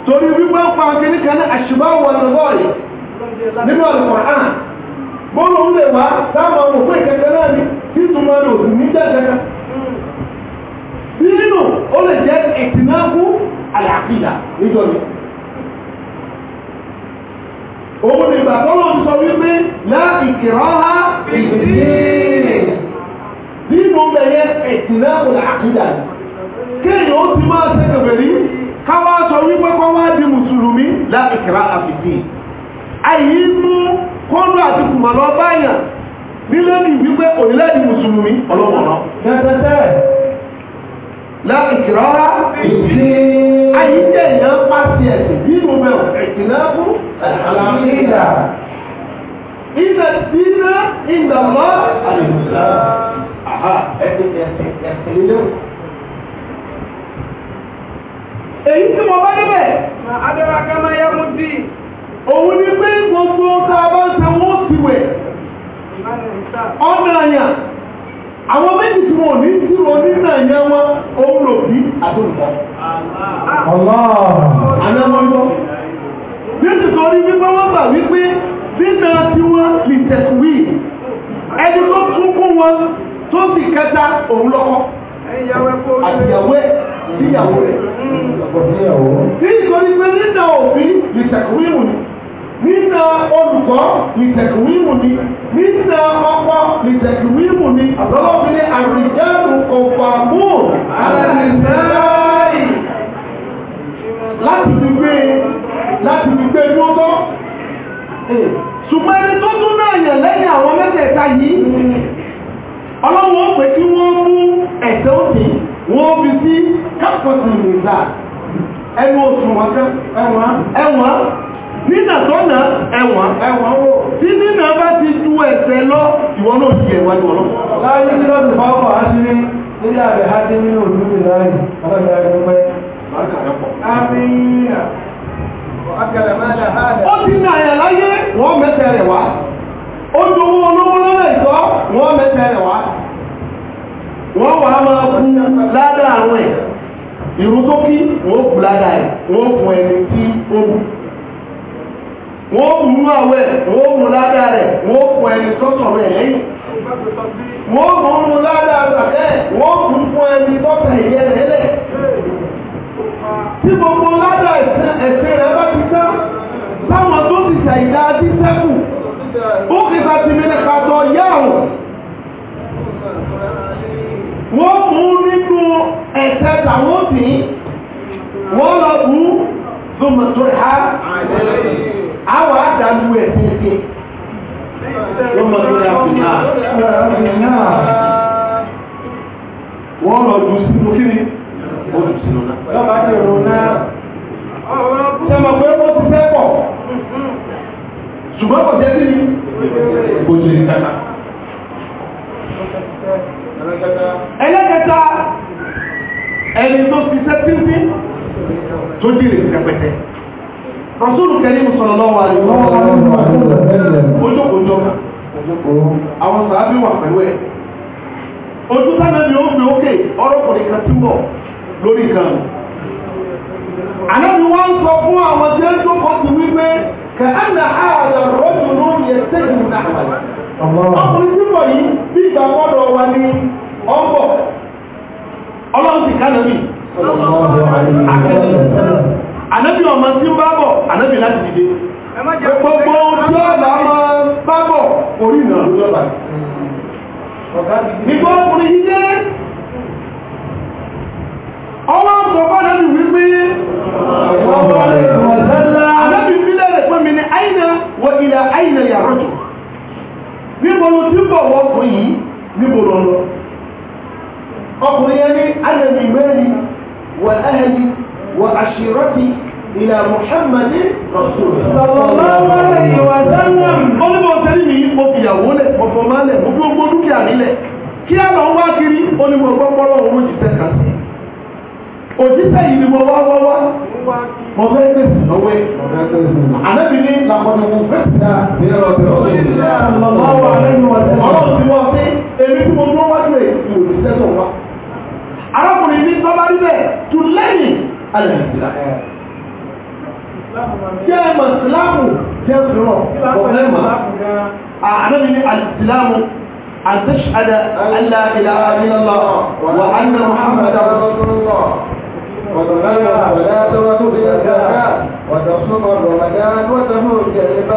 torí wípé ọ̀pá ọ̀kẹ́ni kan ní àṣìbá wọ̀ lọ́rì nínú Al-Qur'an bọ́ọ̀lù ń lè wá táwọn ọmọ òfin kẹkẹrẹ ní títúmọ̀ lòdì ní jẹ́ kẹkẹrẹ dínú ó lè jẹ́ ìtìnáàkú àlàáfíà níjọ́ ni òun ni bàbọ́lọ̀ ń sọ wípé láìkìrọ́ha dínú bẹ̀yẹ ìtìnáàkú àlàáfíà kéèyàn ó ti máa ṣe kẹfẹ̀rí káwá sọ wípé kọ́ wá di mùsùlùmí láìkìrá àfìdí àyí mú kọ́nù àti kùmọ̀lọ́ báyàn nílé ní wípé òyìnlẹ́ di lẹ́kìkìrọ́rá ìdí ayíjẹ́ ìyàn pàṣẹ ẹ̀sìn nínú mẹ́wọ̀ ẹ̀kìlẹ́kù àlàmìlà ilẹ̀ dínà ìgbàmọ́ àlùmùsà àhà ẹ̀sìn ẹ̀sìn nínú. èyí tí mo bá débẹ̀ adéwàká máa yẹ mú sí òun ni pé gbogbo tá bá ń sanwó tiwẹ̀ ọ̀nà àyàn àwọn méjì tí wọ́n ní tí wọ́n ní náà yẹ wọ́n òun lò bí àtòlùkọ́ aláwọ̀lọ́ nítorí orí wípé wọ́n gbà wípé nínà tí wọ́n lè tẹ̀sùwí ẹni tó tún kún wọn tó sì kẹta òun lọ́kọ́ àtìyàwó síyàwó rẹ̀ nítorí pé nínà òfin lè tẹ̀sùwí wù ní nínà olùkọ́ ìtẹ̀kùwímù ni nínà ọkọ ìtẹ̀kùwímù ni àtọ́lọ́bìnrin àrùjẹ́rù ọ̀pọ̀ di ẹ̀wájú ọlọ́run. láyé kí lọ́dún fáwọn àṣírí nílẹ̀ àbẹ̀há nínú òdúró láàyè ọlọ́dún ẹgbẹ́ أن تشهد أن لا إله إلا الله وأن محمدا رسول الله وتصلي الصلاة وتؤتي الزكاة وتصوم رمضان وتحج البيت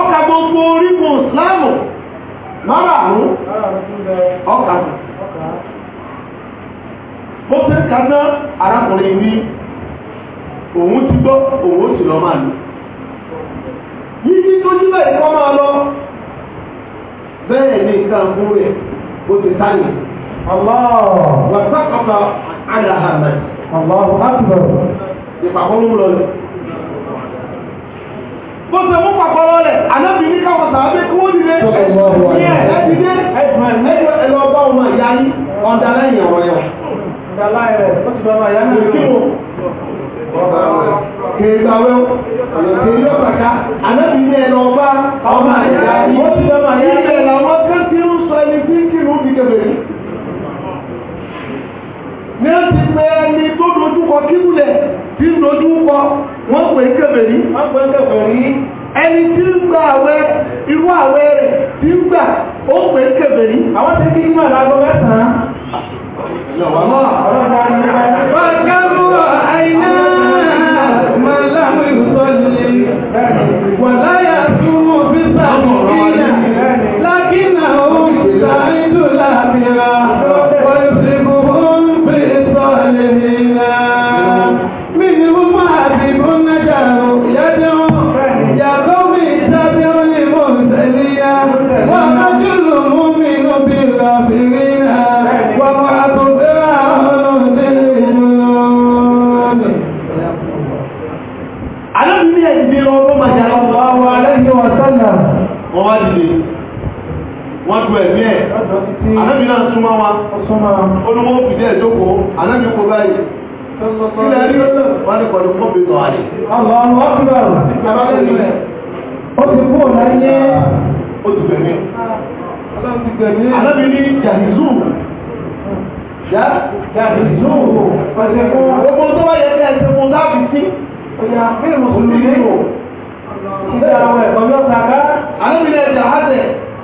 ọkà gbogbo orígun ìsìláàmù márààrún ọkà mo fẹ́ kaná arákùnrin ní òun ti gbọ́ òun ó lọ máa ní yíyí tó jílẹ̀ ìkọ́ máa lọ bẹ́ẹ̀ ní nǹkan fún rẹ̀ ó ti sáyẹ̀. wà sákọ̀tà àdàhàmẹ́. ìpàkọ́lù lọ rẹ̀. bó ṣe mú pàkọ́lọ́ rẹ̀ ànábì ní káwọn sàábé kí wọ́n nílé ní ẹ̀ẹ́dẹ́bí dé ẹ̀ẹ́dẹ́bí ẹ̀lọ́ bá ọmọ ìyá yìí ọ̀dà lẹ́yìn ọ̀rọ̀ yẹn. ọ̀dà láì rẹ̀ ó ti bá ọmọ ìyá náà kèégbàwé kèégbàkà anábì ní ẹ̀nà ọba ọmọ àyà wọ́n ti bẹ̀rẹ̀ àyà ilẹ̀ làwọn kẹ́sì ń sọ ẹni tí kìrù ń dìkẹ̀bẹ̀ ní ó ti pẹ́ ẹni tó dojú kọ kíkúlẹ̀ tí dojú kọ wọ́n pè é kẹ̀bẹ̀ rí ẹni tí ń gba àwẹ̀ irú àwẹ̀ rẹ̀ tí ń gbà ó pè é kẹ̀bẹ̀ rí àwọn tí kí ní Wọ́n wọ́n ju ẹ̀mí ẹ̀ anábì náà súnmọ́ wa olówó òfìdí ẹ̀ jókòó anábì kó báyìí ilẹ̀ rí wọ́n ní kọ̀dọ̀ fún òbí tọ̀ àlè. ọlọ́run ọkùnrin ó ti kú ọ̀nà yé ó ti gbẹ̀mí. anábì ní jàhìzù jàhìzù pẹ̀lú ọmọ tó bá yẹ ọjà fíìmù sí ìlú ìlú ìlú àwọn ẹ̀kọ́ yóò ta ká anábì ní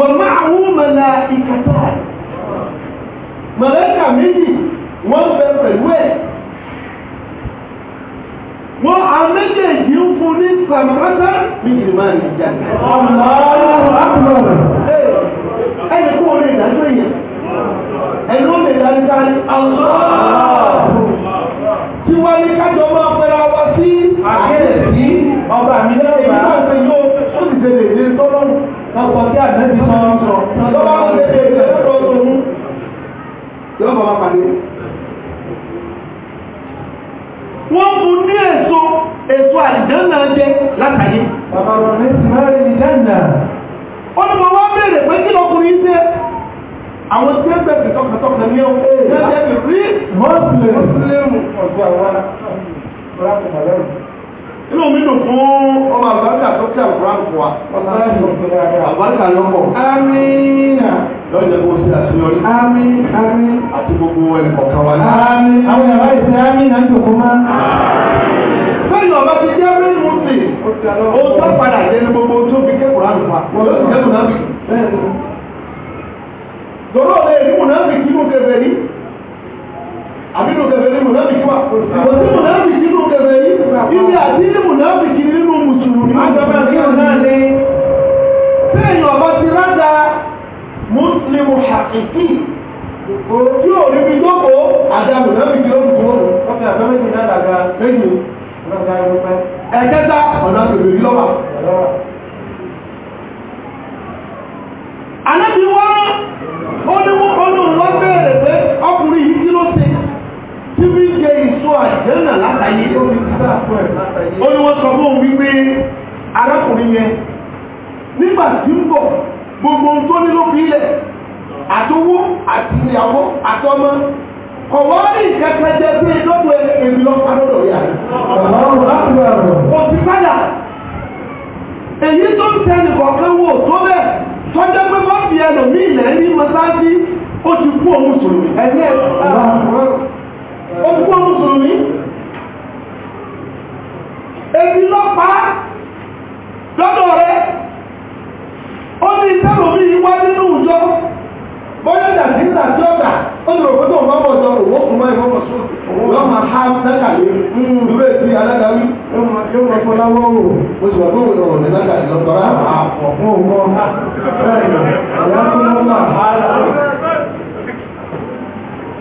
ومعه ملائكتان ملائكة méjì wọ́n bẹ pẹ̀lú ẹ̀ wọ́n a méjèèjì ń fún ní sàmàtà méjì máa ní ìjà ẹni kó o lè dájọ́ èèyàn ẹni ó lè dájú dájú tí wọ́n ní kájọ máa pẹ̀lú wa sí àkẹ́rẹ̀ sí ọba mi lẹ́yìn ìgbà tó yóò ó sì ṣe lè lè tọ́lọ́rùn lápá máa sọ lọ́wọ́ àwọn tètè ìgbẹ́ lọ́dọ̀ ọ̀tún yóò bọ̀ wá pàdé. wọ́n mú ní èso èso àdìdánná jẹ látàyé. bàbá rẹ̀ mi ti máa rí ní dáńdà. ó ní mo wá béèrè pé kí lọkùnrin ṣe àwọn tí ó bẹ̀rẹ̀ tọkàtọkà ní ọ̀hún ẹ̀ ẹ̀ ẹ̀ rí mọ́sílẹ̀ mọ́sílẹ̀ ọ̀gbọ̀n àwọn ọ̀rọ̀ inú mi dùn fún ọmọ àbáríkà tó kí fún wa àbáríkà lọ́pọ̀ amínà lọ́jọ́ kó sí àṣeyọrí àmín àti gbogbo ẹ̀kọ́ kan wà láàmì àwọn fi kí mo kẹfẹ́ rí àbínú kẹfẹ́ ní mùnáfíkì wà kò sí mùnáfíkì nínú kẹfẹ́ yìí ibi àti ní mùnáfíkì nínú mùsùlùmí. àjọba kí o náà ní. sẹ́yìn ọba ti rádà mùsùlùmù hàkìkì tí ò ní fi dóko àdá mùnáfíkì ló ń tó o. ọkẹ àbẹ méjì náà dàgbà méjì ẹ̀kẹta ọ̀nà bèbè yìí lọ́wọ́. anábìwọ́n ó ní wọ́n lọ bẹ̀rẹ̀ pé ọkùnrin yìí kí ló ṣe tí bí jẹ ìṣó àjẹ́nà látàyé ó ní wọ́n sọ fún òun wípé arákùnrin yẹn nígbà tí ń bọ̀ gbogbo ohun tó nílò fi ilẹ̀ àtowó àti ìyàwó àtọmọ kọ̀wọ́ ní ìkẹ́kẹ́jẹ́ sí ìjọ́pọ̀ èmi lọ pàdọ́dọ̀ yà òsì padà èyí tó ń tẹ́ nìkọ̀ọ̀kan wò tó bẹ́ẹ̀ tọ́jọ́ pé bọ́ọ̀bì ẹlòmí ilẹ̀ ní mọ́sáájí ó ti kú òun sùn ẹ̀yẹ́ ogún mùsùlùmí ebi lọ́pàá lọ́dọ̀ rẹ̀ ó ní ìtẹ́lòmí wá nínú ìjọ bọ́yá dàbí ìtàbí ọ̀tà ó ní òkúta òun bọ́bọ̀ ọ̀tọ̀ òwò fún mọ́ ìwọ́n mọ̀sùn yóò máa ha lẹ́kàlẹ́ ìdúró èsì alágbàwí yóò máa fọ́n láwọ́ òwò mo sì wà tó òwò lọ́wọ́ ní lẹ́kàlẹ́ lọ́tọ̀ọ́rá àpọ̀ fún òun mọ́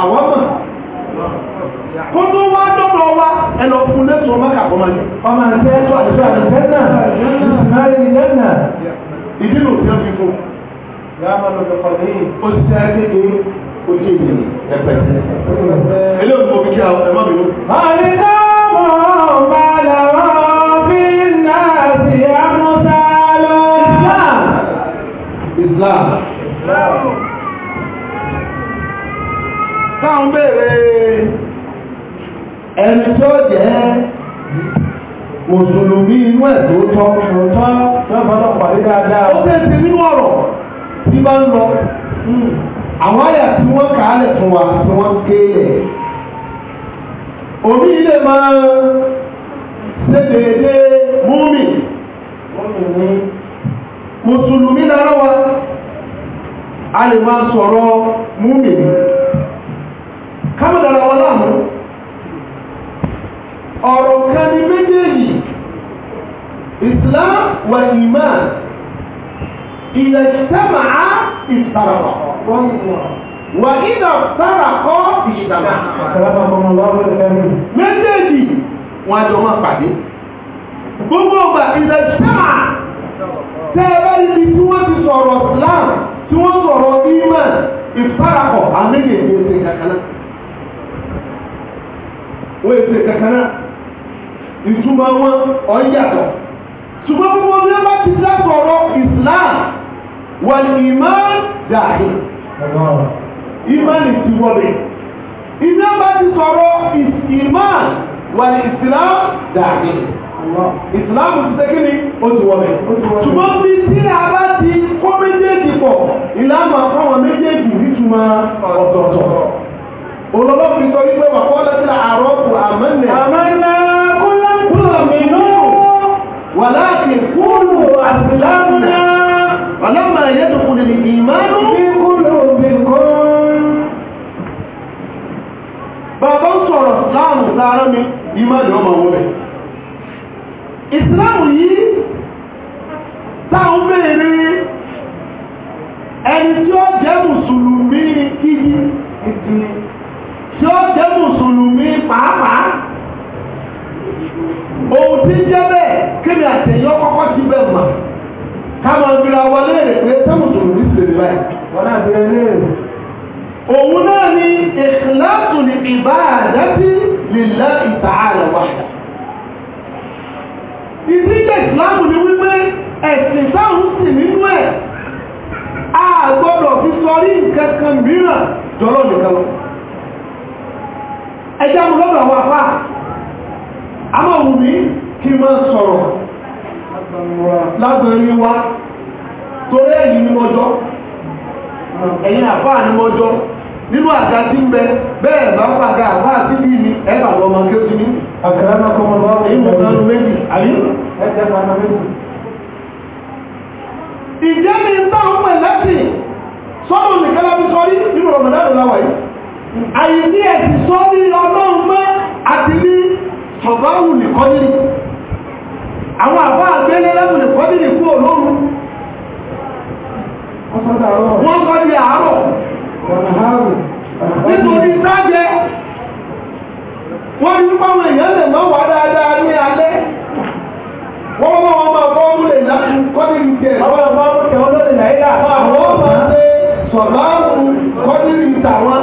àwọn mọ̀ kó tó wá dọ́dọ̀ wá ẹlọ fún lẹ́tọ̀ mọ́kà kọ́ máa ní ọmọ àti ẹ̀tọ́ àti àtẹ́nà ìsìnkárí lẹ́nà ìdílò tí ó fi fún yàmà lọ́dọ̀ pàdé òṣìṣẹ́ akéde ojú ìdí ẹ̀pẹ̀ ilé òṣìṣẹ́ òfin kí a ẹ̀mọ́ mi ló. àrídá mọ̀ ọ̀bá làwọn fi náà sí àmúta lọ́la. Islam. Islam. táwọn bèèrè ẹni tó jẹ́ mùsùlùmí inú ẹ̀ tó tọ́ tọ́ lọ́pọ̀lọ́ pàdé dáadáa ó tẹ́ ti nínú ọ̀rọ̀ tí bá ń lọ hmm. àwọn àyà tí wọ́n kàálẹ̀ fún wa tí wọ́n kéèyẹ̀ omi ilé máa ṣe déédé múmi kámẹ́dàrà wọn láàmú ọ̀rọ̀ kan ní méjèèjì islam wà iman ìlẹ̀jìtẹ́mà á ìtàràwọ̀ wà ìdà tàràkọ́ ìṣìdàmà méjèèjì wọn àjọ wọn pàdé gbogbo ọgbà ìlẹ̀jìtẹ́mà tẹ́ẹ̀bá níbi tí wọ́n wọ́n èsè kankan náà ìtumọ̀ wọn ọ̀yàtọ̀ ṣùgbọ́n gbogbo bí wọ́n bá ti dákọ̀ọ̀rọ̀ Islam wà ní ìmáà dàrí ìmáàlì ti wọlé iná bá ti sọ̀rọ̀ ìmáà wà ní Islam dàrí Islam ti tẹ́kí ni ó ti wọlé ṣùgbọ́n bí tí a bá ti kó méjèèjì pọ̀ ìlànà àwọn méjèèjì nítumọ̀ ọ̀tọ̀ọ̀tọ̀ olólọ́fin sọ wípé wà kọ́ lẹ́sìn àrọ́pù àmọ́nà àmọ́nà kúlọ́kúlọ́ mìíràn wà láti kúlù àtìlámùnà ọlọ́mọ ẹ̀yẹ́ tó kúlù ní ìmánú bí kúlù bí kún. bàbá ń sọ̀rọ̀ láàrùn sáárá mi ìmánú ọmọ wọn bẹ̀. ẹni tí ó jẹ́ mùsùlùmí kíyí ìdílé tí ó jẹ́ mùsùlùmí pàápàá òun tí jẹ́ bẹ́ẹ̀ kí ni àtẹ̀yọ́ kọ́kọ́ ti bẹ̀ mọ̀ ká máa gbéra wa léèrè pé tẹ́ mùsùlùmí sì lè báyìí wọ́n náà bẹ̀rẹ̀ léèrè òun náà ni ìkìláàtù ní ìbáàdátì lillahi ta'ala wahda ìdíjẹ́ ìsìláàmù ni wípé ẹ̀sìn táwọn sì nínú ẹ̀ a gbọ́dọ̀ fi sọrí nǹkan kan mìíràn jọlọ́ nìkan lọ ẹjẹ́ mú lọ́dọ̀ àwọn àfá àmọ́ òun ní kí mọ́ sọ̀rọ̀ lágbẹ̀rí wá torí ẹ̀yìn ní mọ́jọ́ ẹ̀yìn àfá ní mọ́jọ́ nínú àga tí ń bẹ bẹ́ẹ̀ bá pàgà àfá sí bí mi ẹgbà lọ́mọ kí ó ti ní àkàrà kọmọ lọ́wọ́ ìmọ̀lọ́rùn méjì àyí ẹgbẹ́ pàmọ́ méjì ìjẹ́ mi ń bá ọmọ ẹ̀lẹ́sìn sọ́dọ̀ nìkan lábí sọ́rí nínú ọmọdé àdọ́láwà yìí àyíní ẹ̀sìn sórí ọlọ́run mọ́ àti ní sọ̀báwù nìkọ́dìrì àwọn àbá àgbélé lẹ́wù nìkọ́dìrì kú olóòrùn wọ́n sọ di àárọ̀ nítorí sáàjẹ́ wọ́n ní pàwọn èèyàn lè mọ́ wà dáadáa ní alẹ́ wọ́n mọ́ wọn máa kọ́ ọmọ lè láti kọ́dìrì jẹ́ àwọn ọmọ ọmọ ọmọ lè náírà àwọn ọmọ ọmọ ṣe sọ̀báwù kọ́dìrì tàwọn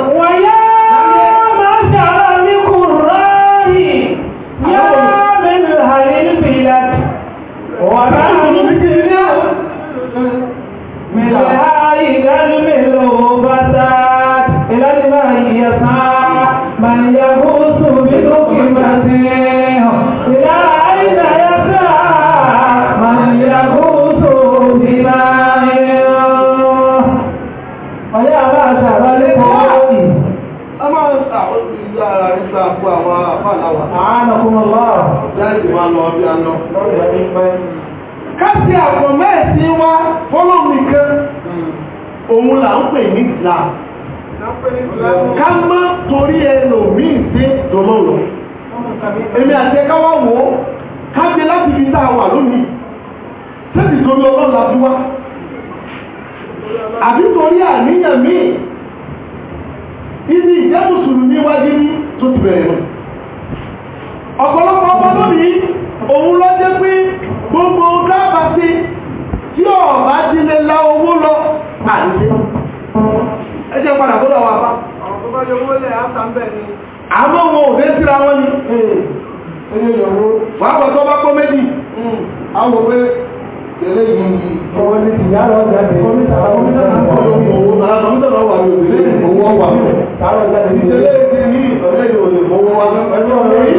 láti máa lọ ọdún àná. káàsì àpọ̀ mẹ́ẹ̀sí wá fọ́lọ́ nìkan òun là ń pè ní Islam ká má torí ẹlòmíì sí dọlọ́lọ́ èmi àti ẹ̀ka wá wò ó ká gbé láti fi tá a wà lónìí sẹ́ẹ̀sì torí ọlọ́ọ̀lá bí wá àbí torí àníyàn míì ibi ìjẹ́ mùsùlùmí wájú ní tó ti bẹ̀rẹ̀ ọ̀pọ̀lọpọ̀ ọmọ lónìí òun ló jẹ́ pé gbogbo dábàá sí tí ọ̀bá ti lè la owó lọ pàdé ẹ jẹ́ padà bó lọ́wọ́ apá àmọ́ wọn ò fẹ́ ni wàá bọ̀ tó bá kó méjì àwọn òwe tẹ̀lé yìí ọwọ́ ní ti yára ọjà tẹ̀ kọ́mítà kọ́mítà náà kọ́ lórí owó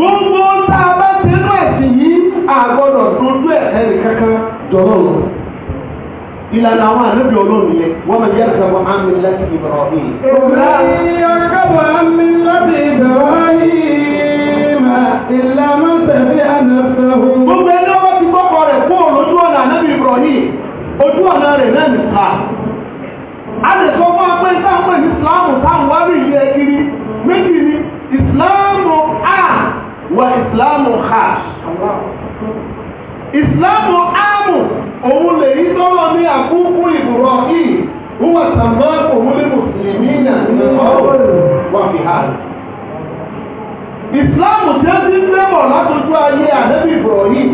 gbogbo tá a bá ti nú ẹ̀sìn yìí àgbọ̀dọ̀ dúdú ẹ̀sẹ̀ nìkankan jọ̀rọ̀ lọ. ìlànà àwọn àlejò olóòmì yẹn wọ́n mọ̀ jẹ́ ẹ̀sẹ̀ àmì láti ìbọ̀rọ̀ mi. èmi ọ̀kẹ́wọ̀ àmì láti ìbọ̀rọ̀ yìí mà ìlànà tẹ̀lé ànàfẹ́ òun. gbogbo ẹni wọ́n ti kọ́kọ́ rẹ̀ kó lójú ọ̀nà ànábì ìbọ̀rọ̀ ojú ọ̀nà rẹ̀ náà nìta. a lè sọ fún apẹ́ ìsìláàmù táwọn wá rí ìlú ẹ̀kiri méjì ni ìsìláàmù wọ ìsìláàmù ha ìsìláàmù áàmù òun lè rí tọ́lọ ní àkúkú ìbùrọ̀ yìí wọ́n sàmọ́ òun lè mùsùlùmí náà ní ọ̀rọ̀ wà fi hà ìsìláàmù tí ó ti ń lébọ̀ látọjú ayé àdébìbọ̀ yìí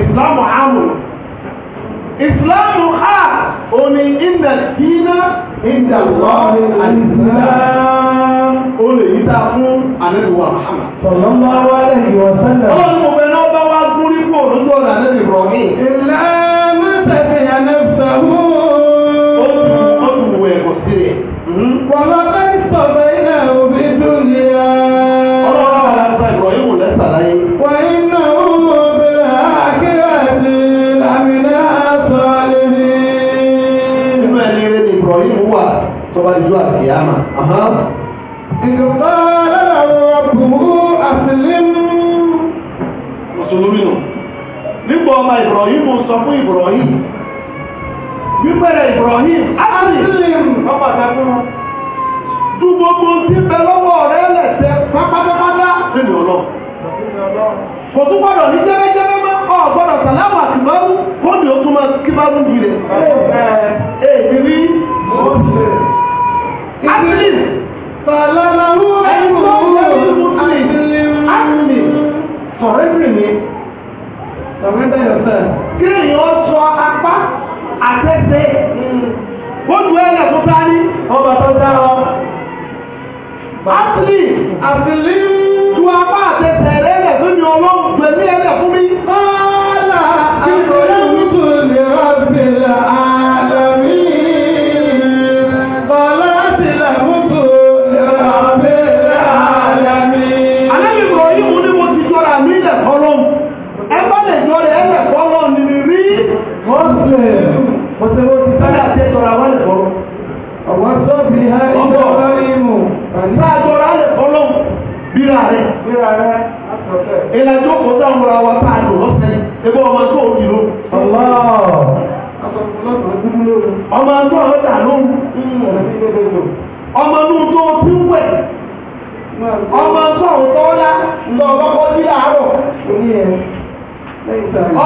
ìsìláàmù áàmù ìsìláàmù ha òní ìdà dínà ìdà lọ́rin àìsìláàmù ó lè yíta fún àlẹ́lùwà Muhammad. Sallallahu alaihi wa sallam. Ọlọ́run mo bẹ̀rẹ̀ ọba wá gúrí kò lójú ọ̀dà lẹ́lẹ̀ rọ̀ kìyàmà. ìgbà lọ́lọ́wọ́ ọkùnrin àtìlẹ́m mùsùlùmí nù nígbà ọmọ Ibrahim sọ fún Ibrahim wípẹ̀rẹ̀ Ibrahim àtìlẹ́m ọmọ àtàkùnrin dú gbogbo tí bẹ lọ́wọ́ rẹ̀ lẹ̀sẹ̀ pátápátá nínú ọlọ́ kò tún gbọ́dọ̀ ní jẹ́rẹ́jẹ́rẹ́ mọ́ ọ̀gbọ́dọ̀ sàlámù àti márùn kó ní ó tún máa kí márùn yìí rẹ̀ èyí rí at least sàlámàwò Bọ́dù ẹ̀rẹ̀ tó tá ní ọba tó dá ọ. Bátìlì àtìlì ju apá àtẹsẹ̀ rẹ̀ rẹ̀ tó ní ọlọ́run pẹ̀lú I fún mi. Bọ́lá àtìlì tó lè rọ́bìlà á. ọgbọ̀ sáàjọra lè fọ́lọ́ bíra rẹ̀ ìlàjò kò sáàmùra wa sáàjò lọ́sẹ̀ ẹgbẹ́ ọmọ tó òjìlò ọmọ tó ọjà lóhun ọmọ inú tó tí ń wẹ̀ ọmọ tó àwọn tọ́lá lọ kọ́kọ́ sí àárọ̀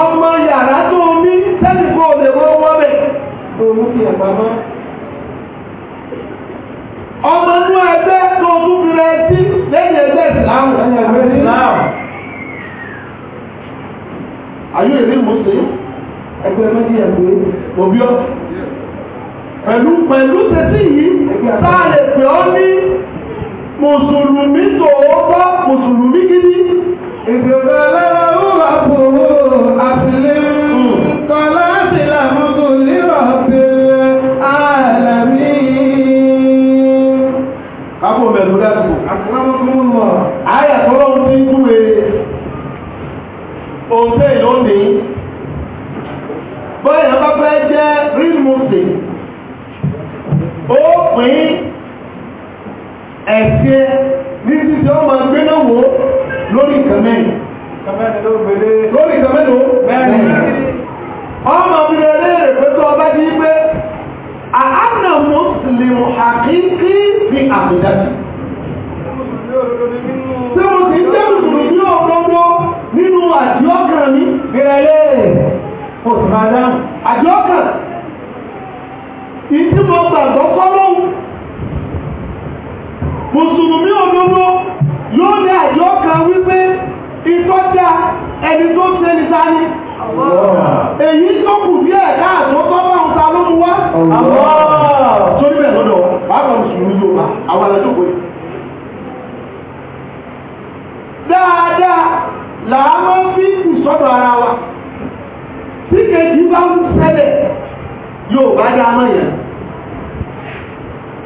ọmọ yàrá tó ní tẹ́lifọ̀ lè wọ́n tí lẹ́yìn ẹgbẹ́ ìsìláàmù lẹ́yìn ẹgbẹ́ ìsìláàmù ayé ìrí mọ́sẹ̀ ẹgbẹ́ méjì ẹgbẹ́ òbíọ́ pẹ̀lú pẹ̀lú tẹ́sí yìí táà lè pè ọ́ ní mùsùlùmí tòótọ́ mùsùlùmí gidi ìgbẹ̀rẹ̀ lẹ́rẹ̀ ó ẹni tó ṣe ní sáré èyí tó kù bí ẹ̀ káàtó tó bá ń ta ló mú wá sórí bẹ̀ lọ́dọ̀ pàápàá mùsùlùmí yóò bá àwọn alájọ́kọ̀ yìí dáadáa làá máa ń fi kù sọ́dọ̀ ara wa tí kejì bá ń ṣẹlẹ̀ yóò bá dá mọ́ yẹn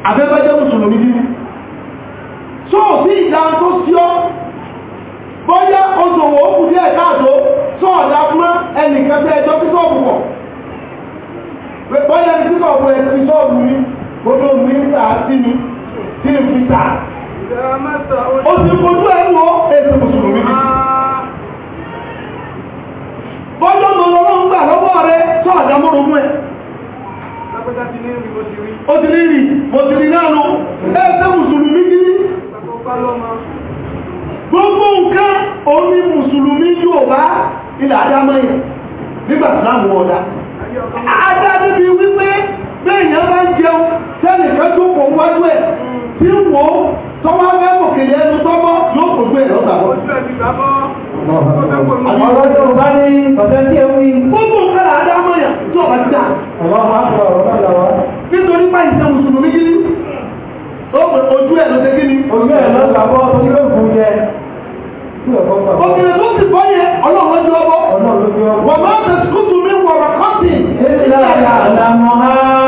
abẹ́bẹ́jẹ́ mùsùlùmí nínú tó sí ìdáhùn tó sí ọ́ bóyá oṣòwò òkú díẹ̀ káàtó tó ọ̀dà fún ẹnìkan tẹ́ ẹjọ́ tí sọ́ọ̀bù pọ̀ bóyá ní sísọ̀bù ẹ̀ ti sọ́ọ̀bù mi gbogbo mi ń tà á sí mi tí n fi tà ó ti fojú ẹ̀ wọ ètò mùsùlùmí mi bóyá mo lọ́wọ́ ń gbà lọ́wọ́ rẹ tó ọ̀dà mọ́rùn mú ẹ ó ti rí rí mo ti rí náà lọ ẹ ṣe mùsùlùmí kiri gbogbo nǹkan omi mùsùlùmí yóò bá ilẹ̀ adámọ́yàn nígbà láwọn ọ̀dá adájú bí wípé bẹ́ẹ̀yàn bá ń jẹun tẹ́nìkan tó pọ̀ wájú ẹ̀ tí ń wò ó tọ́wọ́ fẹ́ mọ̀kèlè ẹnu tọ́mọ́ yóò kò gbé ẹ̀rọ tàbọ̀ àwọn ọlọ́jọ́ bá ní ọ̀sẹ̀ tí ẹ wí gbogbo nǹkan adámọ́yàn tí ọ̀bá ti dà nítorí pàìsẹ́ mùsùlùmí kí ni ó pè ojú ẹ̀ ló ṣe kí ni ojú ẹ̀ ló ṣàbọ̀ ojú ẹ̀ fún jẹ obìnrin tó ti bọ́ yẹn ọlọ́run lójú ọbọ̀ wọ́n máa ń tẹ̀síkútù mi wọ̀rọ̀ kọ́tì. èmi náà yà á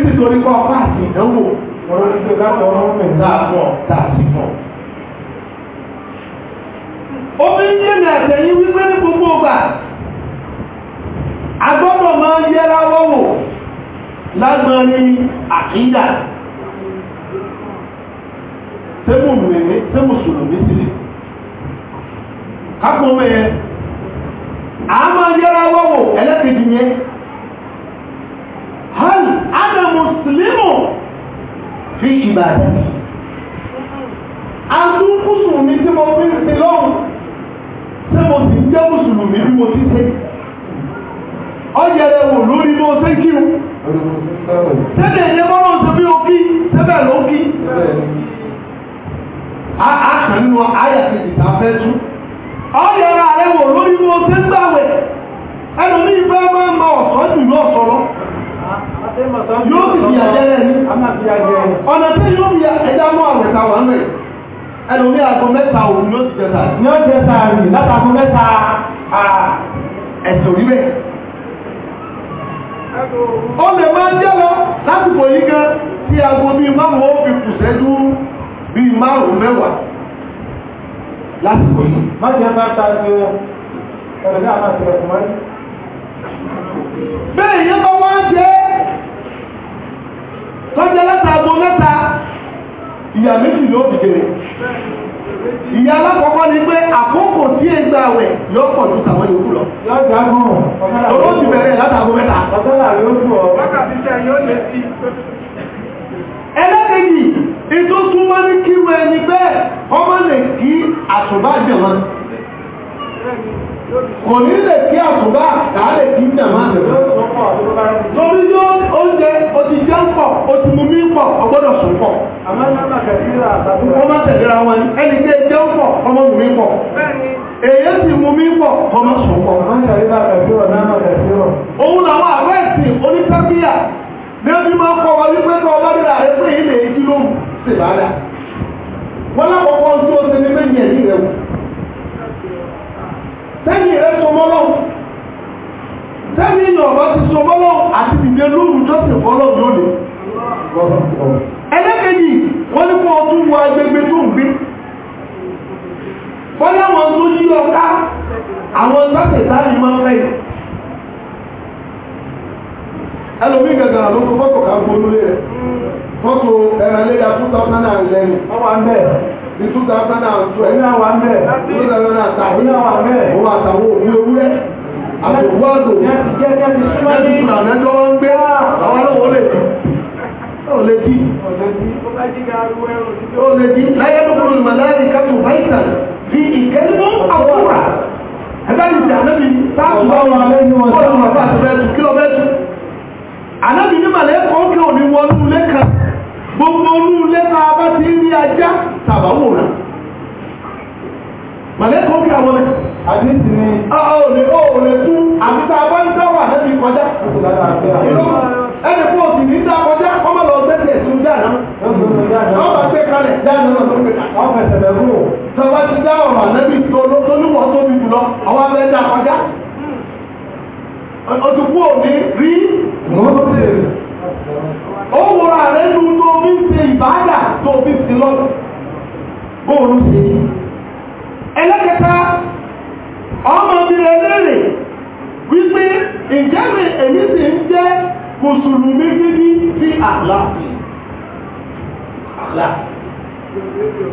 nítorí kọ́ páàkì ìdánwò ọ̀rọ̀ ní tó dákọ̀ ọ̀rọ̀ mẹ́ láàbọ̀ tààtì mọ̀. omi ń yé ní àtẹ̀yìn wípé ní gbogbo ọgbà agbọ́dọ̀ máa ń yẹra wọ́wọ́ lágbọ́n ní àkídà tẹ́mùmùmí tẹ́mùsùlùmí sílẹ̀ kápọ̀ mẹ́ a máa yẹra wọ́wọ́ ẹlẹ́kẹ̀ẹ́jì yẹn hal ana muslimu fi ìbàdàn àtúnkùsù mi tí mo fi ń sin lọ́hùn tí mo sì ń jẹ́ mùsùlùmí bí mo ti ṣe ọjẹ́rẹ̀ wò lórí bó ṣe kí o tẹ́lẹ̀ ẹ̀yẹ mọ́rọ̀ tó bí o kí tẹ́bẹ̀ ló kí àkànnù ayàtì ìtafẹ́tú ọjẹ́rẹ̀ àrẹwò lórí bó ṣe ń gbàwẹ̀ ẹnu ní ìfẹ́ máa ń ma ọ̀sán jùlọ ọ̀sọ̀rọ̀ yóò fi fìyà jẹ́rẹ́ ní ọ̀nà tí yóò fi ẹja mọ́ àwọn ẹ̀ta wà mẹ́ ẹlòmí àgọ́ mẹ́ta òun yóò ti jẹta ní ó jẹta rìn látàgọ́ mẹ́ta ẹ̀sẹ̀ orí bẹ́ẹ̀ ó lè máa jẹ́ lọ lásìkò yìí gan tí aago bíi márùn-ún ó fi kùsẹ́jú bíi márùn-ún mẹ́wàá lásìkò yìí má jẹ́ ta ni ẹ̀rọ bẹ́ẹ̀ yẹn bá wá jẹ́ tọ́jẹ́ látàgbọ́ mẹ́ta ìyà méjì yóò fi jẹ́ ìyà alákọ̀ọ́kọ́ ni pé àkókò tí è gbà wẹ̀ yóò pọ̀ ju tàwọn yòókù lọ owó ètò súnmọ́ ní kíwẹ̀ ni bẹ́ẹ̀ ọmọ lè kí àtùbájẹ̀ wọn kò ní lè kí àkùbá tàà lè kí jàmá lórí yóò oúnjẹ o ti jẹ́ ń pọ̀ o ti mú mí pọ̀ o gbọ́dọ̀ sùn pọ̀ ọmọ tẹ̀lera wọn ni ẹni tẹ́ jẹ́ ń pọ̀ ọmọ mú mí pọ̀ èyí ti mú mí pọ̀ ọmọ sùn pọ̀ òun làwọn àbẹ́ ìsìn onítẹ́bíyà ní ẹbí máa kọ́ wa wípé tó ọba nílà rẹ pé ilé ìdílóhùn sì bá dà wọ́n lápapọ̀ ojú oṣù ní méjì ẹ̀yìn rẹ̀ wù sẹ́yìn rẹ̀ sọ mọ́lọ́ sẹ́yìn ọ̀bá ti sọ mọ́lọ́ àti ìdílé lóòrùn jọ́sìn fọ́lọ́ wọ́n ní tún wọ agbègbè tó ń gbé wọ́n àwọn sáà ní ẹlòmíì gàgàrà ló fún fọ́tò kan fún olúlé rẹ̀ fọ́tò ẹran léda two thousand and eleven ọwọ́ àmbẹ̀ ní two thousand and twelve ní àwọn àmbẹ̀ two thousand and thirteen ní àwọn àmbẹ̀ òun àtàwọn òbí owúrẹ́ àtòwú àtò jẹ́jẹ́ ti súnmọ́ ní ìlànà tó ń gbé àwọn olówó lè fi ó lè fi ó lè fi láyé lókùnrin màláàrí kátó báyìí fi ìkẹ́lẹ́mọ́ àwòrán ẹgbẹ́ ìjà náà ni táàbù bá wọn lẹ́yìn wọn sọ́ọ̀rọ̀ màbá àti bẹ́ẹ̀ tù kílọ̀mẹ́tù ànábì ní màlẹ́kọ̀ ó kẹ́ òní wọnú ilé kan gbogbo onú ilé tá a bá ti rí ajá tàbá wò rà màlẹ́kọ̀ ó kẹ́ àwọn ẹ̀ àdínsì ni ọ̀ọ̀lẹ̀ ọ̀ọ̀lẹ̀ tún àti tá a bá ń dáwà ànábì kọjá ẹni fún òsì ní dá kọjá ọmọ lọ gbẹ́sẹ̀ tún dáná ọmọ gbé kalẹ̀ dáná lọ tó gbé ọmọ ẹ̀sẹ̀ bẹ̀rù tọ́wọ́ ti dáwà ànábì tó lówó tóbi jùlọ àwọn abẹ́ dá kọjá ọdúnkú òní rí mọ́tẹ̀ wọ́ra rẹ̀ nù tó bí ṣe ìbáàdà tó bí ṣe sí ẹlẹ́kẹta ọmọ mi rẹ̀ lérè wípé njem mi nje sì ń jẹ́ mùsùlùmí gidi sí àlá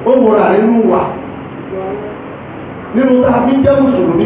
wọ́ra rẹ̀ nù wà nínú tá gidi mi.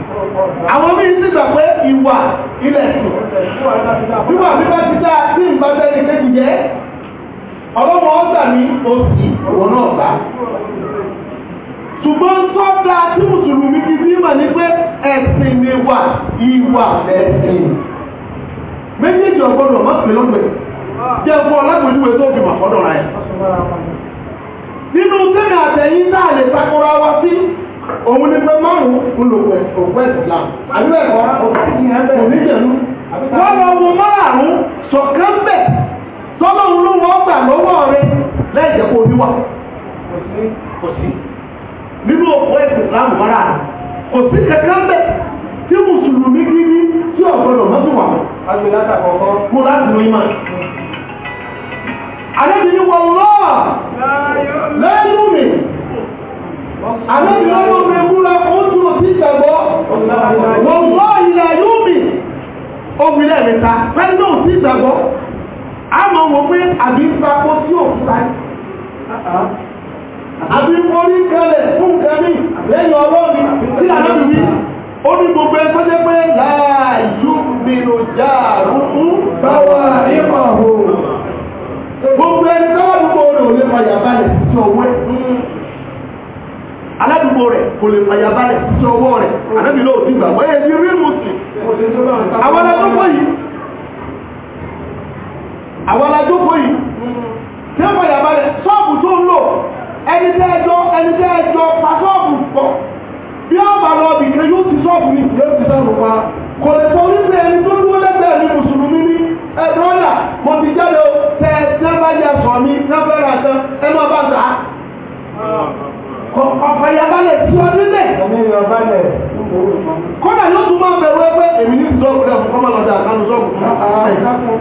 àwọn omi sì gbà pé ìwà ilẹ̀ sùn wíwà bíbá ti dá sí ìgbàgbẹ́ ní kéjì jẹ́ ọlọ́wọ́ ọgbà ní òsì òwò náà gbà ṣùgbọ́n tó tí mùsùlùmí ti fi mà ní pé ẹ̀sìn ni wà ìwà ẹ̀sìn méjèèjì ọgbọ́dọ̀ má pè lọ́pẹ̀ jẹ́ fún ọlágbèjúwe tó fi mà fọ́dọ̀ nínú àtẹ̀yìn lè takora òun ní pé márùn-ún olùkọ́ òpẹ́ ìsìlá àbí ẹ̀kọ́ oníjẹ̀lú wọ́n lọ wo márùn-ún sọ̀kan bẹ̀ tọ́lọ́run ló wọ́n gbà lọ́wọ́ rẹ lẹ́ẹ̀jẹ̀ kó omi wà kò sí nínú òpó ìsìlá mọ́ra rẹ̀ kò sí kankan bẹ̀ tí mùsùlùmí kí ní tí ọ̀gbọ́dọ̀ mọ́tò wà mú láti mú ìmọ̀ àlejò ni wọ́n lọ́ọ̀ lẹ́yìn mú mi. Àlẹ́ ìlú ọlọ́run ewúrẹ́ ó dúró sí ìgbàgbọ́. Wọ́n wọ́ ilẹ̀ yóò mì. Omi lẹ́ẹ̀mẹ́ta, fẹ́ẹ́ náà sí ìgbàgbọ́. A máa wọ pé àbí ń pa kó sí òkúta. Àbí orí kẹlẹ̀ fún kẹmí lẹ́yìn ọlọ́run tí àlọ́run wí. Ó ní gbogbo ẹ tó jẹ́ pé láàyò mìíràn jà rúkú báwa nípa òun. Gbogbo ẹ tó wà lóko rẹ̀ ò lè fàyà balẹ̀ sí ọwọ́ ẹ̀ aládùúgbò rẹ̀ kò lè fàyà balẹ̀ sí ọwọ́ rẹ̀ ànábì lóò dìgbà wọ́yẹ̀ ní rí mùsùlùm àwọn alájókòó yìí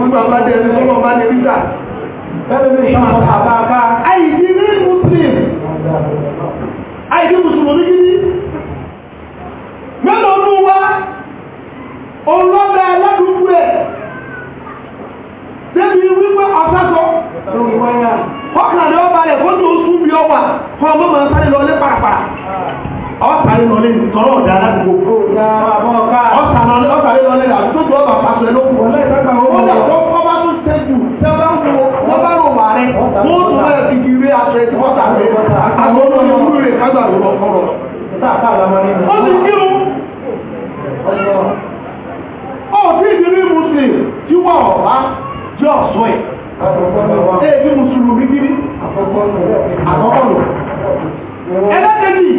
fún bàbá jẹ́ ẹni tó lọ́ sọ̀rọ̀ sáàpá àlámọ́ nínú. ó ti kírun ó tí ìdílé muslim tí wọ́n ọ̀bá jẹ́ ọ̀sọ́ ẹ̀ èyí mùsùlùmí kiri àkọ́kọ́ lò ẹlẹ́kẹ̀ẹ́jì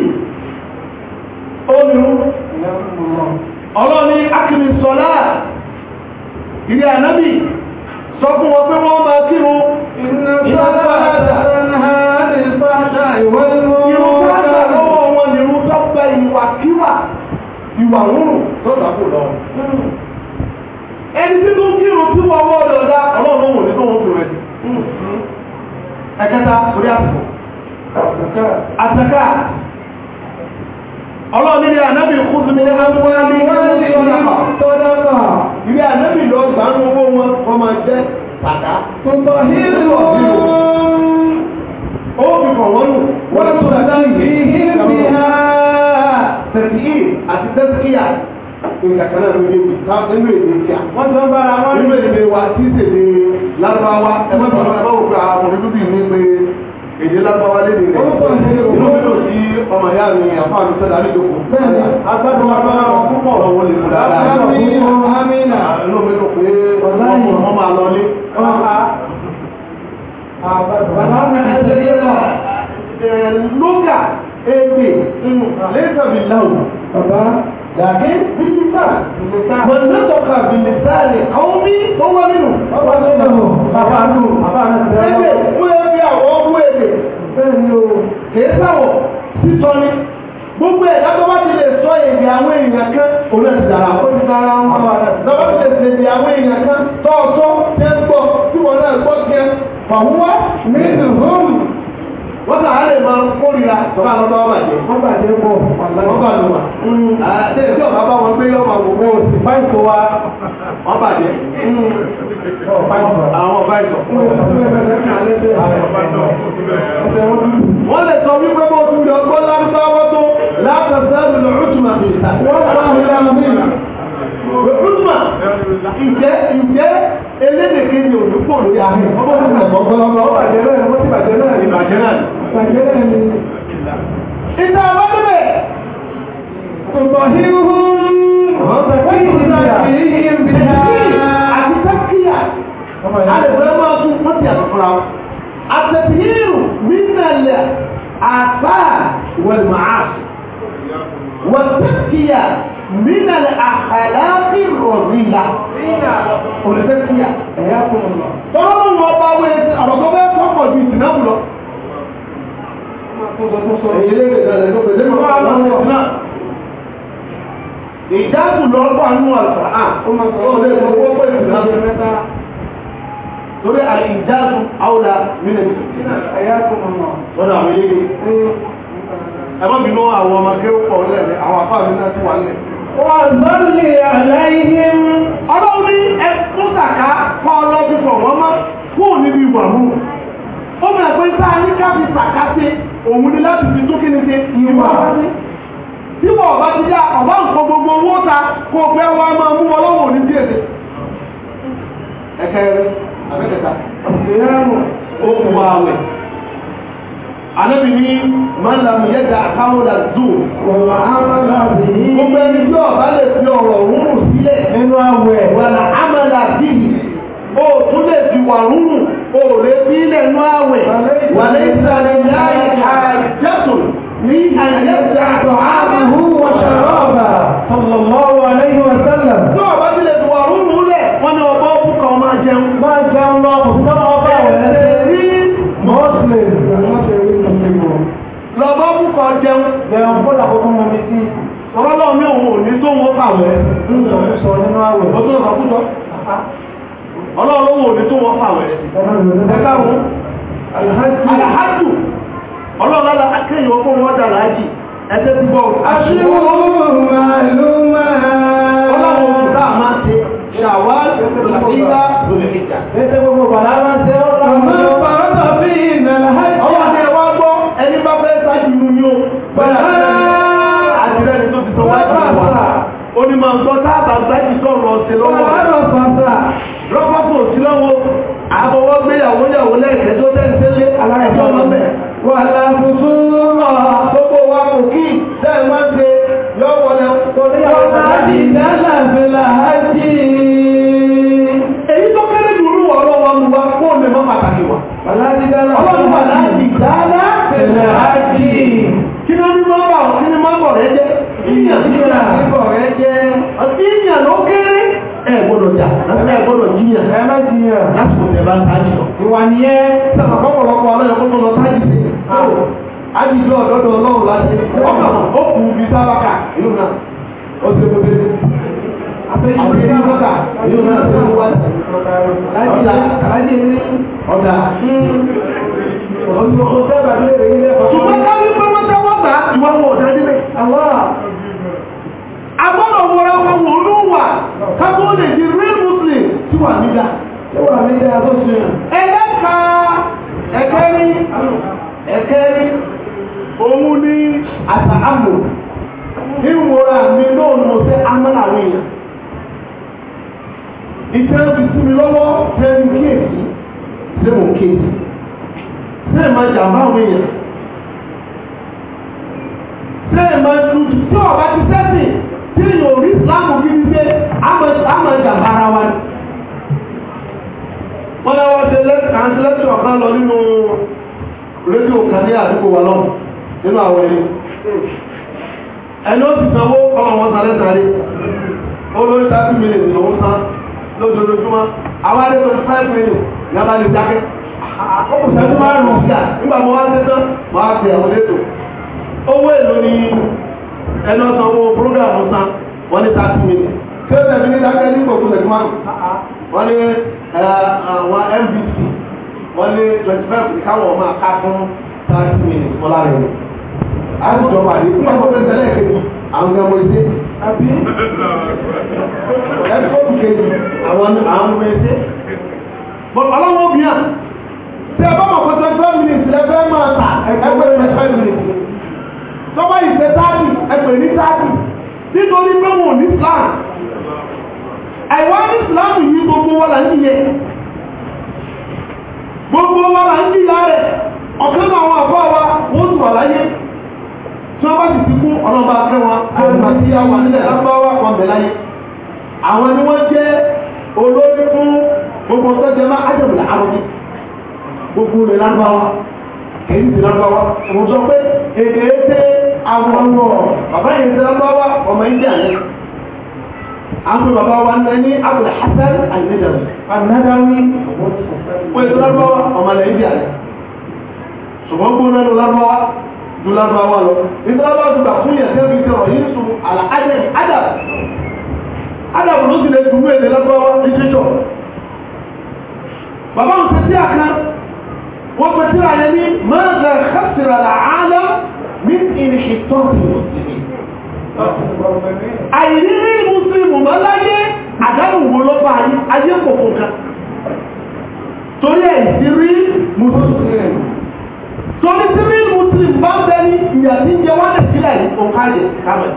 olùrú ọlọ́ni akìlì sọ́lá ilé ànábì sọ fún wọn pé wọ́n máa ẹ̀kẹta orí àsìkò àsìkà ọlọ́ọ̀ni ni ànábì kúrú ní àwọn àmì tọ́dápà ìrí ànábì lọ gbà ń owó wọn wọ́n máa jẹ́ pàtà tó tọ́ nínú ọ̀dínú ó fi kọ̀ wọ́n nù wọ́n ìkàkànnà lóde mi nínú èdè tí a. wọ́n ti ń bára wọn nínú èdè wa tí ìṣèlè lárúbáwá ẹ má sọ fún ọgbà òdúdúbì ní pé èdè lárúbáwá lédè rẹ inú mi lò sí ọmọ ìyá mi àpá mi sọ́dọ̀ àlejòkó. bẹ́ẹ̀ni agbádùn agbára wọn púpọ̀ lọ́wọ́ lè múra dáadáa. inú mi lò pé ọmọ máa lọ lé. lóga èdè lẹ́sàbí láwù. لكن باللسان من نطق باللسان قومي هو منه أفعلوه أفعلوه أفعلوه ẹgbẹ́ àwọn ọmọ èdè kìí sáwọ̀ sísọ ni gbogbo ẹ̀ lábọ́ bá ti lè sọ èdè àwọn èèyàn kan òun ẹ̀ dára ó ti dára ń bá lábọ́ ti lè sọ èdè àwọn èèyàn kan tọ́ọ̀tọ́ tẹ́ ń gbọ́ tí wọ́n náà gbọ́ kí ẹ fàwúwá ní ìhùn wọ́n tàá lè máa kórìíra bàbá àlọ́dọ́ bàjẹ́ wọ́n bàjẹ́ pọ̀ àtẹ́lẹ̀kọ́ bàbá wọn pé yọ́ màgbogbo sí fáìsọ wa wọ́n bàjẹ́ àwọn fáìsọ wọ́n lè sọ wípé bó tún lọ gbọ́ lárúbáwọ́ tó látàzẹ́lù lọ́rùtùmà wọ́n bá mi lárúbáwọ́ lọ́rùtùmà ìjẹ́ ìjẹ́ elédèké ni òdúpọ̀ lórí ahẹ́ ọmọ tó nà gbọ́gbọ́lọ́gbọ́ bàjẹ́ náà ni bàjẹ́ náà ni تطهرهم وتزكيهم بها àti tẹ́kíyà alẹ́fẹ́ máa tún mọ́tì àtúnfúnra àtẹ̀tìyẹ́rù mínàlẹ̀ àgbà wẹ̀lmáà wọ̀tẹ́kíyà mínàlẹ̀ àkàlákì rọ̀rìlà olùtẹ́kíyà ẹ̀yà fún ọ̀nà tọ́lọ́mù wọn bá wẹ́ ọ̀rọ̀ tó bẹ́ẹ̀ fọ́pọ̀ ju ìtìnáàbù lọ ìdáàbò lọ́gbà ní àgbà torí àìjáàbò áwòlà nílẹ̀ lọ́dọ̀ àwọn ilé ẹgbọ́n bí lọ́wọ́ àwọn ọmọ kí ó pọ̀ lẹ́lẹ̀ àwọn àfáà nílẹ̀ tí wà nílẹ̀ wọ́n lọ́lẹ̀ àlẹ́yìn ọlọ́run ní ẹkún sàká kọ́ ọlọ́dún fọ̀ wọ́n mọ́ kúrò níbi ìwà mú ó mẹ́rẹ̀ pé sáà ní káfí sàká sí òun ni láti fi tó kí ni ṣe ìwà wá sí tí ọba ti dá ọba nǹkan gbogbo owó ta kó fẹ́ wá máa mú ní díẹ̀ dé ẹ̀kẹ́rẹ́ abẹ́kẹta ọ̀sẹ̀rẹ́rùn okùn ààwẹ̀ alẹ́bí ní mọ́lámi yẹ́dà àkáwọ́dà zoo gbogbo ẹni tí ọ̀bá lè fi ọ̀rọ̀ sílẹ̀ wàlà tún lè fi wà lè fi ilẹ̀ nú wàlẹ́ ìsàlẹ̀ من أن يدفع طعامه وشرابه صلى الله عليه وسلم náà bá tilẹ̀ tó wà rúrú lẹ̀ wọ́n ní ọba ọkùnkà ọmọ jẹun máa jẹun lọ ọ̀pọ̀ ọba ẹ̀rẹ́ rí mọ́sílẹ̀ lọ́bọ̀ ọkùnkà jẹun lẹ́yìn fún àkókò mọ́ mi sí ọlọ́lọ́ mi òun ò ní tó ń wọ́pà wẹ́ ńlọ́sọ nínú àwẹ̀ ọdún ọ̀sàkútọ́ ọlọ́lọ́wọ́ ò ní tó wọ́pà wẹ́ ẹ̀ká wọn alhaju ọlọ́run lára akẹ́yìn ọkọ̀ wọn dà láàájì ẹgbẹ́ ti bọ́ aṣíwò màlúmà ọlọ́run ti dá àmà ṣe ṣàwá ìgbà lòmìnira ẹgbẹ́ gbogbo bàlá máa ń tẹ́ ọlọ́run pàápàá bí ìnàlá ọwọ́ ni ẹ wá gbọ́ ẹni bá fẹ́ sáájú inú yóò pẹ̀lú àtìlẹ́yìn tó ti sọ wá sí wàhálà ó ní máa ń gbọ́ táàbà gbájì sọ̀rọ̀ ọ̀sẹ̀ lọ́wọ́ rọ́pọ̀ kò sí lọ́wọ́ àbọ̀wọ́ gbéyàwó yàwó lẹ́ẹ̀kẹ́ tó tẹ́ wà láàbùsùn náà gbogbo wa kò kí lọ́dọ̀ ọlọ́run láti ọkọ̀ ó kù bí sábàkà ìlú náà ó ti kó dé. àtẹ̀yìn bí sábàkà ìlú náà ti kó wá sí. ọ̀dà ọ̀dà ọ̀dà ọ̀dà ọ̀dà ayé kò fún kan torí ẹ̀ sí rí muslim torí sí rí muslim bá bẹ ní ìyà tí ń jẹ wọ́n lè sílẹ̀ ní òkàlẹ̀ kámẹ́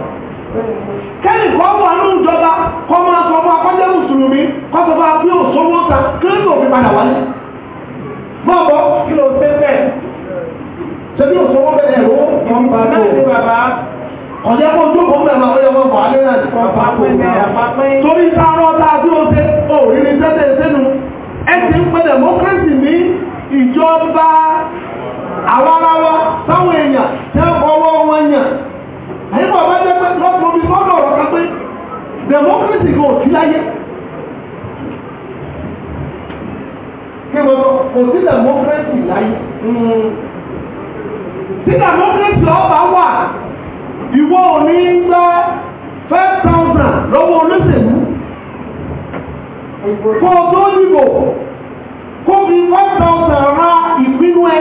kẹ́lì kọ́ wà ní ìjọba kọ́ máa sọ fún akọ́jẹ́ mùsùlùmí kọ́ sọ fún abí òṣòwò ta kí ló fi padà wálé bọ́ọ̀bọ́ kí ló ṣe bẹ́ẹ̀ ṣe bí òṣòwò bẹ̀rẹ̀ ló mọ̀ ń bá tó ọ̀jẹ́ kó tó kó mẹ́rin àwọn ẹ̀wọ̀n fà á lé náà nípa pàápàá torí sáárọ̀ tá a tí ó ṣe ó rí ní tẹ́lẹ̀ sínú ẹ ti ń pe democracy ní ìjọba àwarawa táwọn èèyàn tẹ́ ọwọ́ wọn yàn àyíkọ̀ bá jẹ́ pé lọ́pọ̀ omi sọ́dọ̀ ọ̀rọ̀ kan pé democracy kò sí láyé kí wọ́n kò sí democracy láyé hmm. tí democracy ọba wà ìwọ ò ní gba five thousand lọ́wọ́ olóṣèlú kó o tó dìbò kó fi five thousand ra ìpinnu ẹ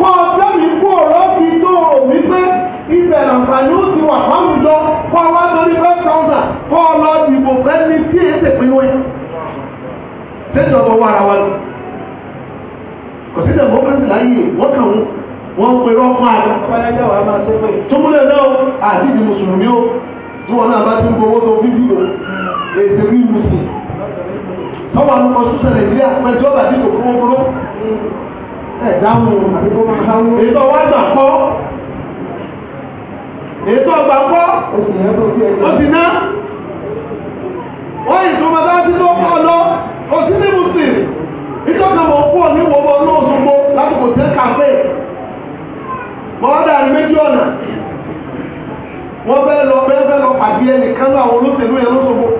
kó o tẹ́mi kú ọ̀rọ̀ fi tó o wípé ibẹ̀ làǹfààní ó ti wà fáwùjọ kó o wá torí five thousand kó o lọ dìbò fẹ́ni tí èyí ṣèpinnu ẹ tẹ́jọba wàrà wa lọ kò sí dẹ̀mọ́kírẹ́sì láyé wọ́n kàn wọ́n wọ́n ń pe rọ́pàá tó múlẹ̀ náà àti ìdí mùsùlùmí ó tí wọ́n náà bá ti ń gbowó tó fífi o èdè rí mùsùlùmí tọ́wọ́ àwọn ọmọ ṣúṣẹ́ nàìjíríà pẹ̀lú ọba tí kò fún ọmọ ẹ̀dáhùn àbíkọ́ máa sáwọn èyí tó wá gbà kọ́ èyí tó gbà kọ́ ó sì ná wọ́n ìtumọ̀ bá ti tó kọ́ lọ ó sì ní mùsùlùmí ní wọ́n mọ̀ mọ́ láti tẹ́ kàfẹ́ bọ́ọ̀dà méjì ọ̀nà wọ́n fẹ́ lọ fẹ́ fẹ́ lọ pàdé ẹnìkan náà àwọn olóṣèlú yẹn lọ́sọ̀gbọ́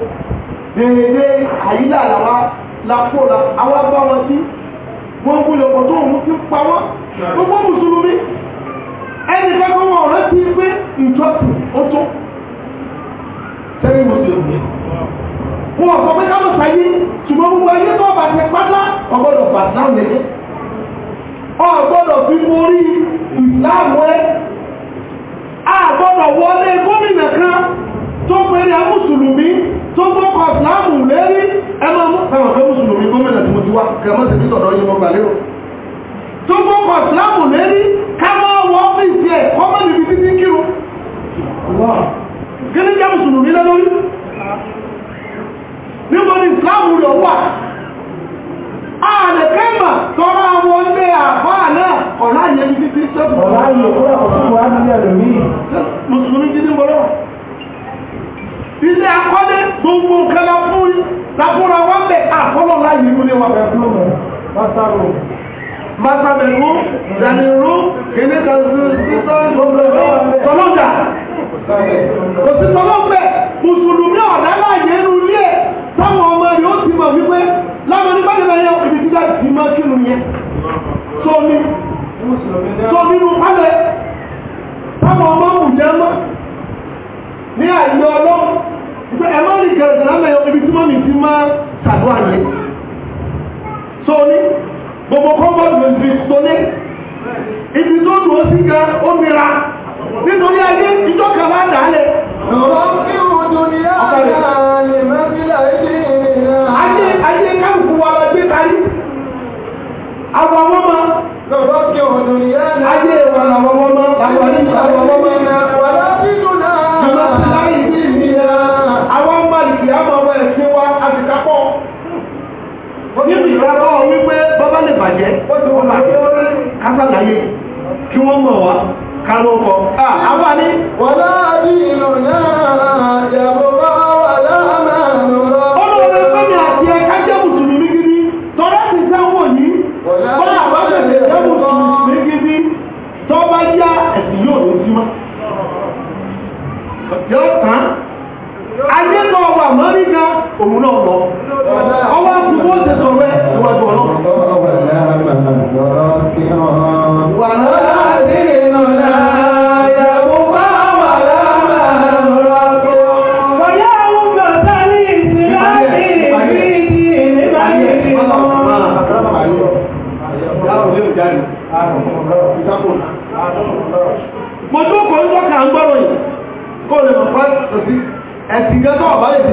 dèrèdè àyílà làwa lápò la àwọn abá wọn sí wọ́n gbúlẹ̀ pọ̀ tó òun ti pa wọ́n gbogbo mùsùlùmí ẹni kẹ́kọ̀ọ́ wọn ọ̀rẹ́ ti pé ìjọsìn ó tó sẹ́yìn mùsùlùmí wọn ọ̀sọ̀ pé ká lọ sáyé ṣùgbọ́n gbogbo ẹni tó bàtẹ pátá ọgbọ́dọ̀ bàtà lẹ́yìn ọ̀gbọ́dọ̀ fi borí ìsìláàmù ẹ́ àgbọ́dọ̀ wọlé gómìnà kan tó pẹ̀lú amúsùlùmí tó gbọ́kọ̀ ìsìláàmù lérí ẹmọ mọ́sànfẹ́ mùsùlùmí gómìnà tí mo ti wá ọrụ tí sọ̀dọ̀ ààrẹ kẹ́mà tọ́rọ àwọn ilé àfáà náà ọ̀lá ìyẹn bí bí sọ́bù ọ̀lá ìyẹn kúrò àkọ́kọ́ wá nílẹ̀ lórí mùsùlùmí jíjí mọ́rọ̀ ilé akọ́lé gbogbo nǹkan la fún lápúra wọ́n bẹ̀ àkọ́lọ́ láyé ìlú ní wàbẹ̀ fún mi pásáró mátàbẹ̀lú ìdánirú kìnnìkan sí sísọ́ gbogbo ẹ̀rọ tọ́lọ́jà kò sí tọ́lọ́pẹ̀ mùsùlùmí ọ̀dá láyé ìlú ilé táwọn ọmọ rẹ̀ ó ti mọ̀ wípé láwọn ní báyìí náà yẹ ibi tí láti fi máa kírun yẹn tó ní tó nínú pálẹ̀ táwọn ọmọ òun jẹ́ mọ́ ní àìyọ ọlọ́run ìpẹ́ ẹ̀mọ́ ní kẹrẹ̀sẹ̀ láwọn yọ ibi tí mọ́mì ti máa ṣàdúrà yẹn tó ní gbogbo máa àwọn ọmọ lọ́rọ̀ kí ọ̀nà ìyá ayé wọn làwọn ọmọ làwọn oníṣẹ́ àwọn ọmọ wà lábínú náà jọba ti láyé sí ìlera àwọn ọmọ ìgbé àmọ́ ọmọ ẹ̀sìn wa àti kápọ̀ nínú ìrọ̀lọ́ wípé bàbá lè bàjẹ́ ó ti wọ́n kásàlàyé kí wọ́n mọ̀ wá kálọ́kọ̀ àwọn àní wọ́n láàrín ìlú náà yàgbọ́ Amẹ́ríkà òun náà lọ ọwọ́ àkùkù ó ṣe sọ̀rọ̀ ẹ̀ ìwájú ọlọ́run wà náà sí ìlú náà mo tó kọ́ ń tọ́ka ń gbọ́rọ̀ yìí kó lè mọ̀ pẹ́ ẹ̀sìn gẹ́gọ́ ọ̀bá lè ti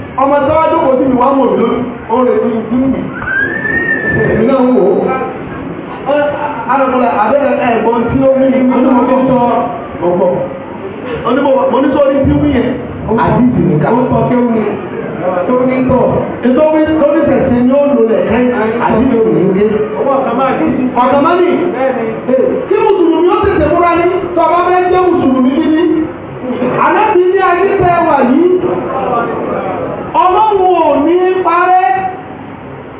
ọmọ tọ́wọ́ tó kò sí ìwà mọ̀ mi lórí ó rẹ̀ tó ikú mi èmi náà ń wò ó alùpùpù abẹ́rẹ́ ẹ̀gbọ́n tí ó ní onímọ̀ tó sọ ọ̀pọ̀ onímọ̀ oníṣòrí tí wí yẹn àti ìdìbò ó sọ kéwù ni tó ní tọ̀ nítorí torí tẹ̀sí ni ó lò lẹ̀ kẹ́ àti ìdìbò ní ilé ọ̀kàmánì kí mùsùlùmí ó tètè múra ní tọ́ bá fẹ́ jẹ́ mùsùlùmí níbi anábìíní ayé ọlọ́run ò ní parẹ́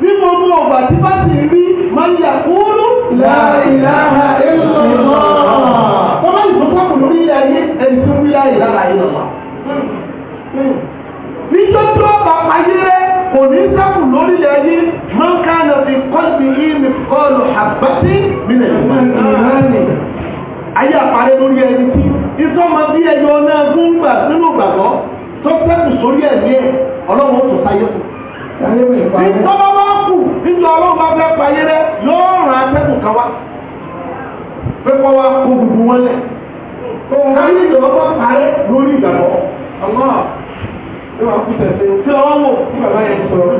bí gbogbo ọgbà tí bá ti rí máa ń yàkúrú láìláha ìlọ́lọ́ wọ́n máa ń tún pọ̀pù lórí ilẹ̀ ayé ẹni tó rí láìláha ìlọ́lọ́ níjọ́ tó bá payé rẹ̀ kò ní sábù lórí ilẹ̀ ayé máa ń ká lọ fi kọ́sì yìí mi kọ́ọ̀lù àbátí mi lè fún mi ayé àparẹ́ lórí ẹni tí ìtọ́mọ bí ẹyọ náà gún gbà nínú gbàgbọ́ tó pẹ́kù sórí ẹ̀mí ọlọ́run ó tó sáyé kù. ìtọ́lá wá kù níjọ ọlọ́run bá fẹ́ payé rẹ yóò ràn atẹ́kùn kan wá pé kọ́ wá kó gbogbo wọn lẹ̀. káyé ìjọba bá parẹ́ lórí ìgbàgbọ́ ọlọ́run tí wọ́n kú tẹ̀sẹ̀ tí wọ́n wò tí bàbá yẹn sọ̀rọ̀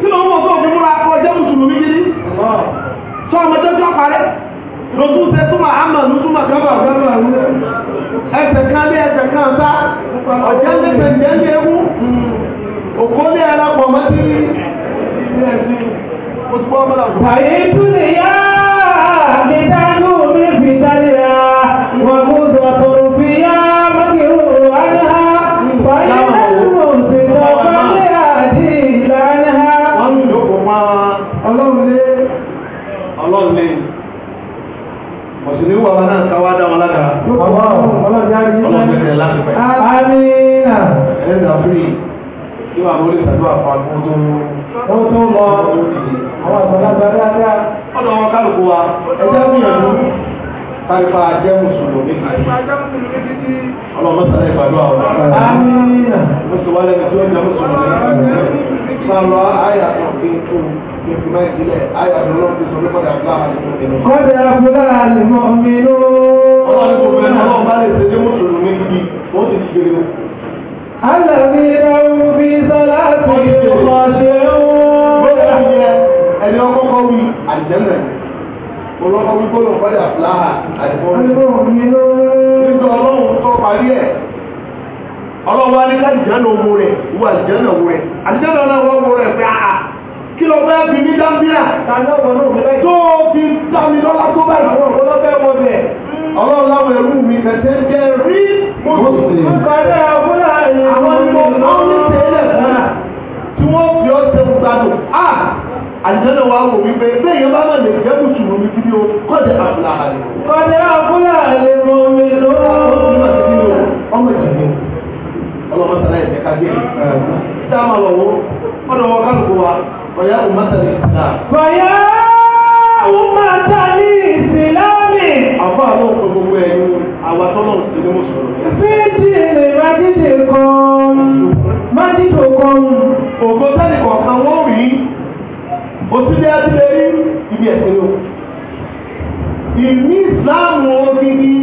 tí wọ́n wò tó fi múra kọ́ jẹ́ mùsùlùmí gidi tó ọmọdé tó parẹ́ lókun tẹ túmọ̀ àmà lùtúmọ̀ kábà kábà ẹsẹ̀ kan lé ẹsẹ̀ kan sá ọ̀jẹ̀ ń lé ẹsẹ̀ ń lé ewu òkú ní alápọ̀ mọ́tí ilé ẹ̀sìn mo ti pọ́ mọ́lá òkú. àyè ìtúlẹ̀ yá mi dánú mi fi dálé ya wọ́n mú dọ̀tọ̀rọ̀ fi yá mọ́tí òru àná wáyé lẹ́nu òṣèlú ọ̀pọ̀lẹ́ àti ìlànà. wọ́n ń yòókù máa ọlọ́run lé ọlọ́run lé mùsùlùmí wà wọn náà káwá dá wọn lága. ọlọ́run yá rí. ọlọ́run yá rí láti pẹ́. amina. ẹ̀ ń dà fún yìí tí wà lórí ìtàdúrà fún agbóhùn tó ń tó lọ àwọn àgbàlagbà dáadáa ọ̀nà wọn kálukú wa ẹjẹ́ gbìyànjú kárípa jẹ́ mùsùlùmí الذين هم في صلاتهم خاشعون ẹni ọkọ kọ wí àjẹmẹ olóko wí kó ló ń padà fúláhà àdìpọ́n nítorí ọlọ́run tó parí ẹ̀ ọlọ́run wá ní kájìjánà owó rẹ̀ wọ àjẹmẹ owó rẹ̀ àjẹmẹ náà wọ́n wọ rẹ̀ pé àà kí ló fẹ́ fi ní dámbíà tó fi dámi lọ́la tó bá ìrànwọ́ ọ̀pọ̀lọpẹ́ wọ́n bẹ̀ ọlọ́run láwọn ẹrú mi kẹsẹ̀ jẹ́ rí mùsùlùmí. Nípasẹ̀ Fúlàní àwọn ni mo máa ń ṣe tí wọ́n fi ọ́ ṣe gbàdùn. À àjẹ́nà wa wò wípé bẹ́ẹ̀ yẹn bá máa lè jẹ́ mùsùlùmí gidi o kọ́dẹ̀ àfúlàní. Kọ́dẹ̀ àfúlàní mo mi lò Ọmọ ìdílé ọlọ́mọ sàlá ẹ̀jẹ̀ ká dé. Ṣé àwọn máa ta ní ìsìlámì. àbá àwọn ọkọ̀ gbogbo ẹ̀ ní àwa tọ́lọ̀ sí ní mùsùlùmí. fíjì lè má dídè kan má dídò kan. ògo sẹ́ni kọ̀ọ̀kan wọ́n rí oṣù bí a ti lè rí ibi ẹ̀sìn lò. ìní ìsìlámù ògidì.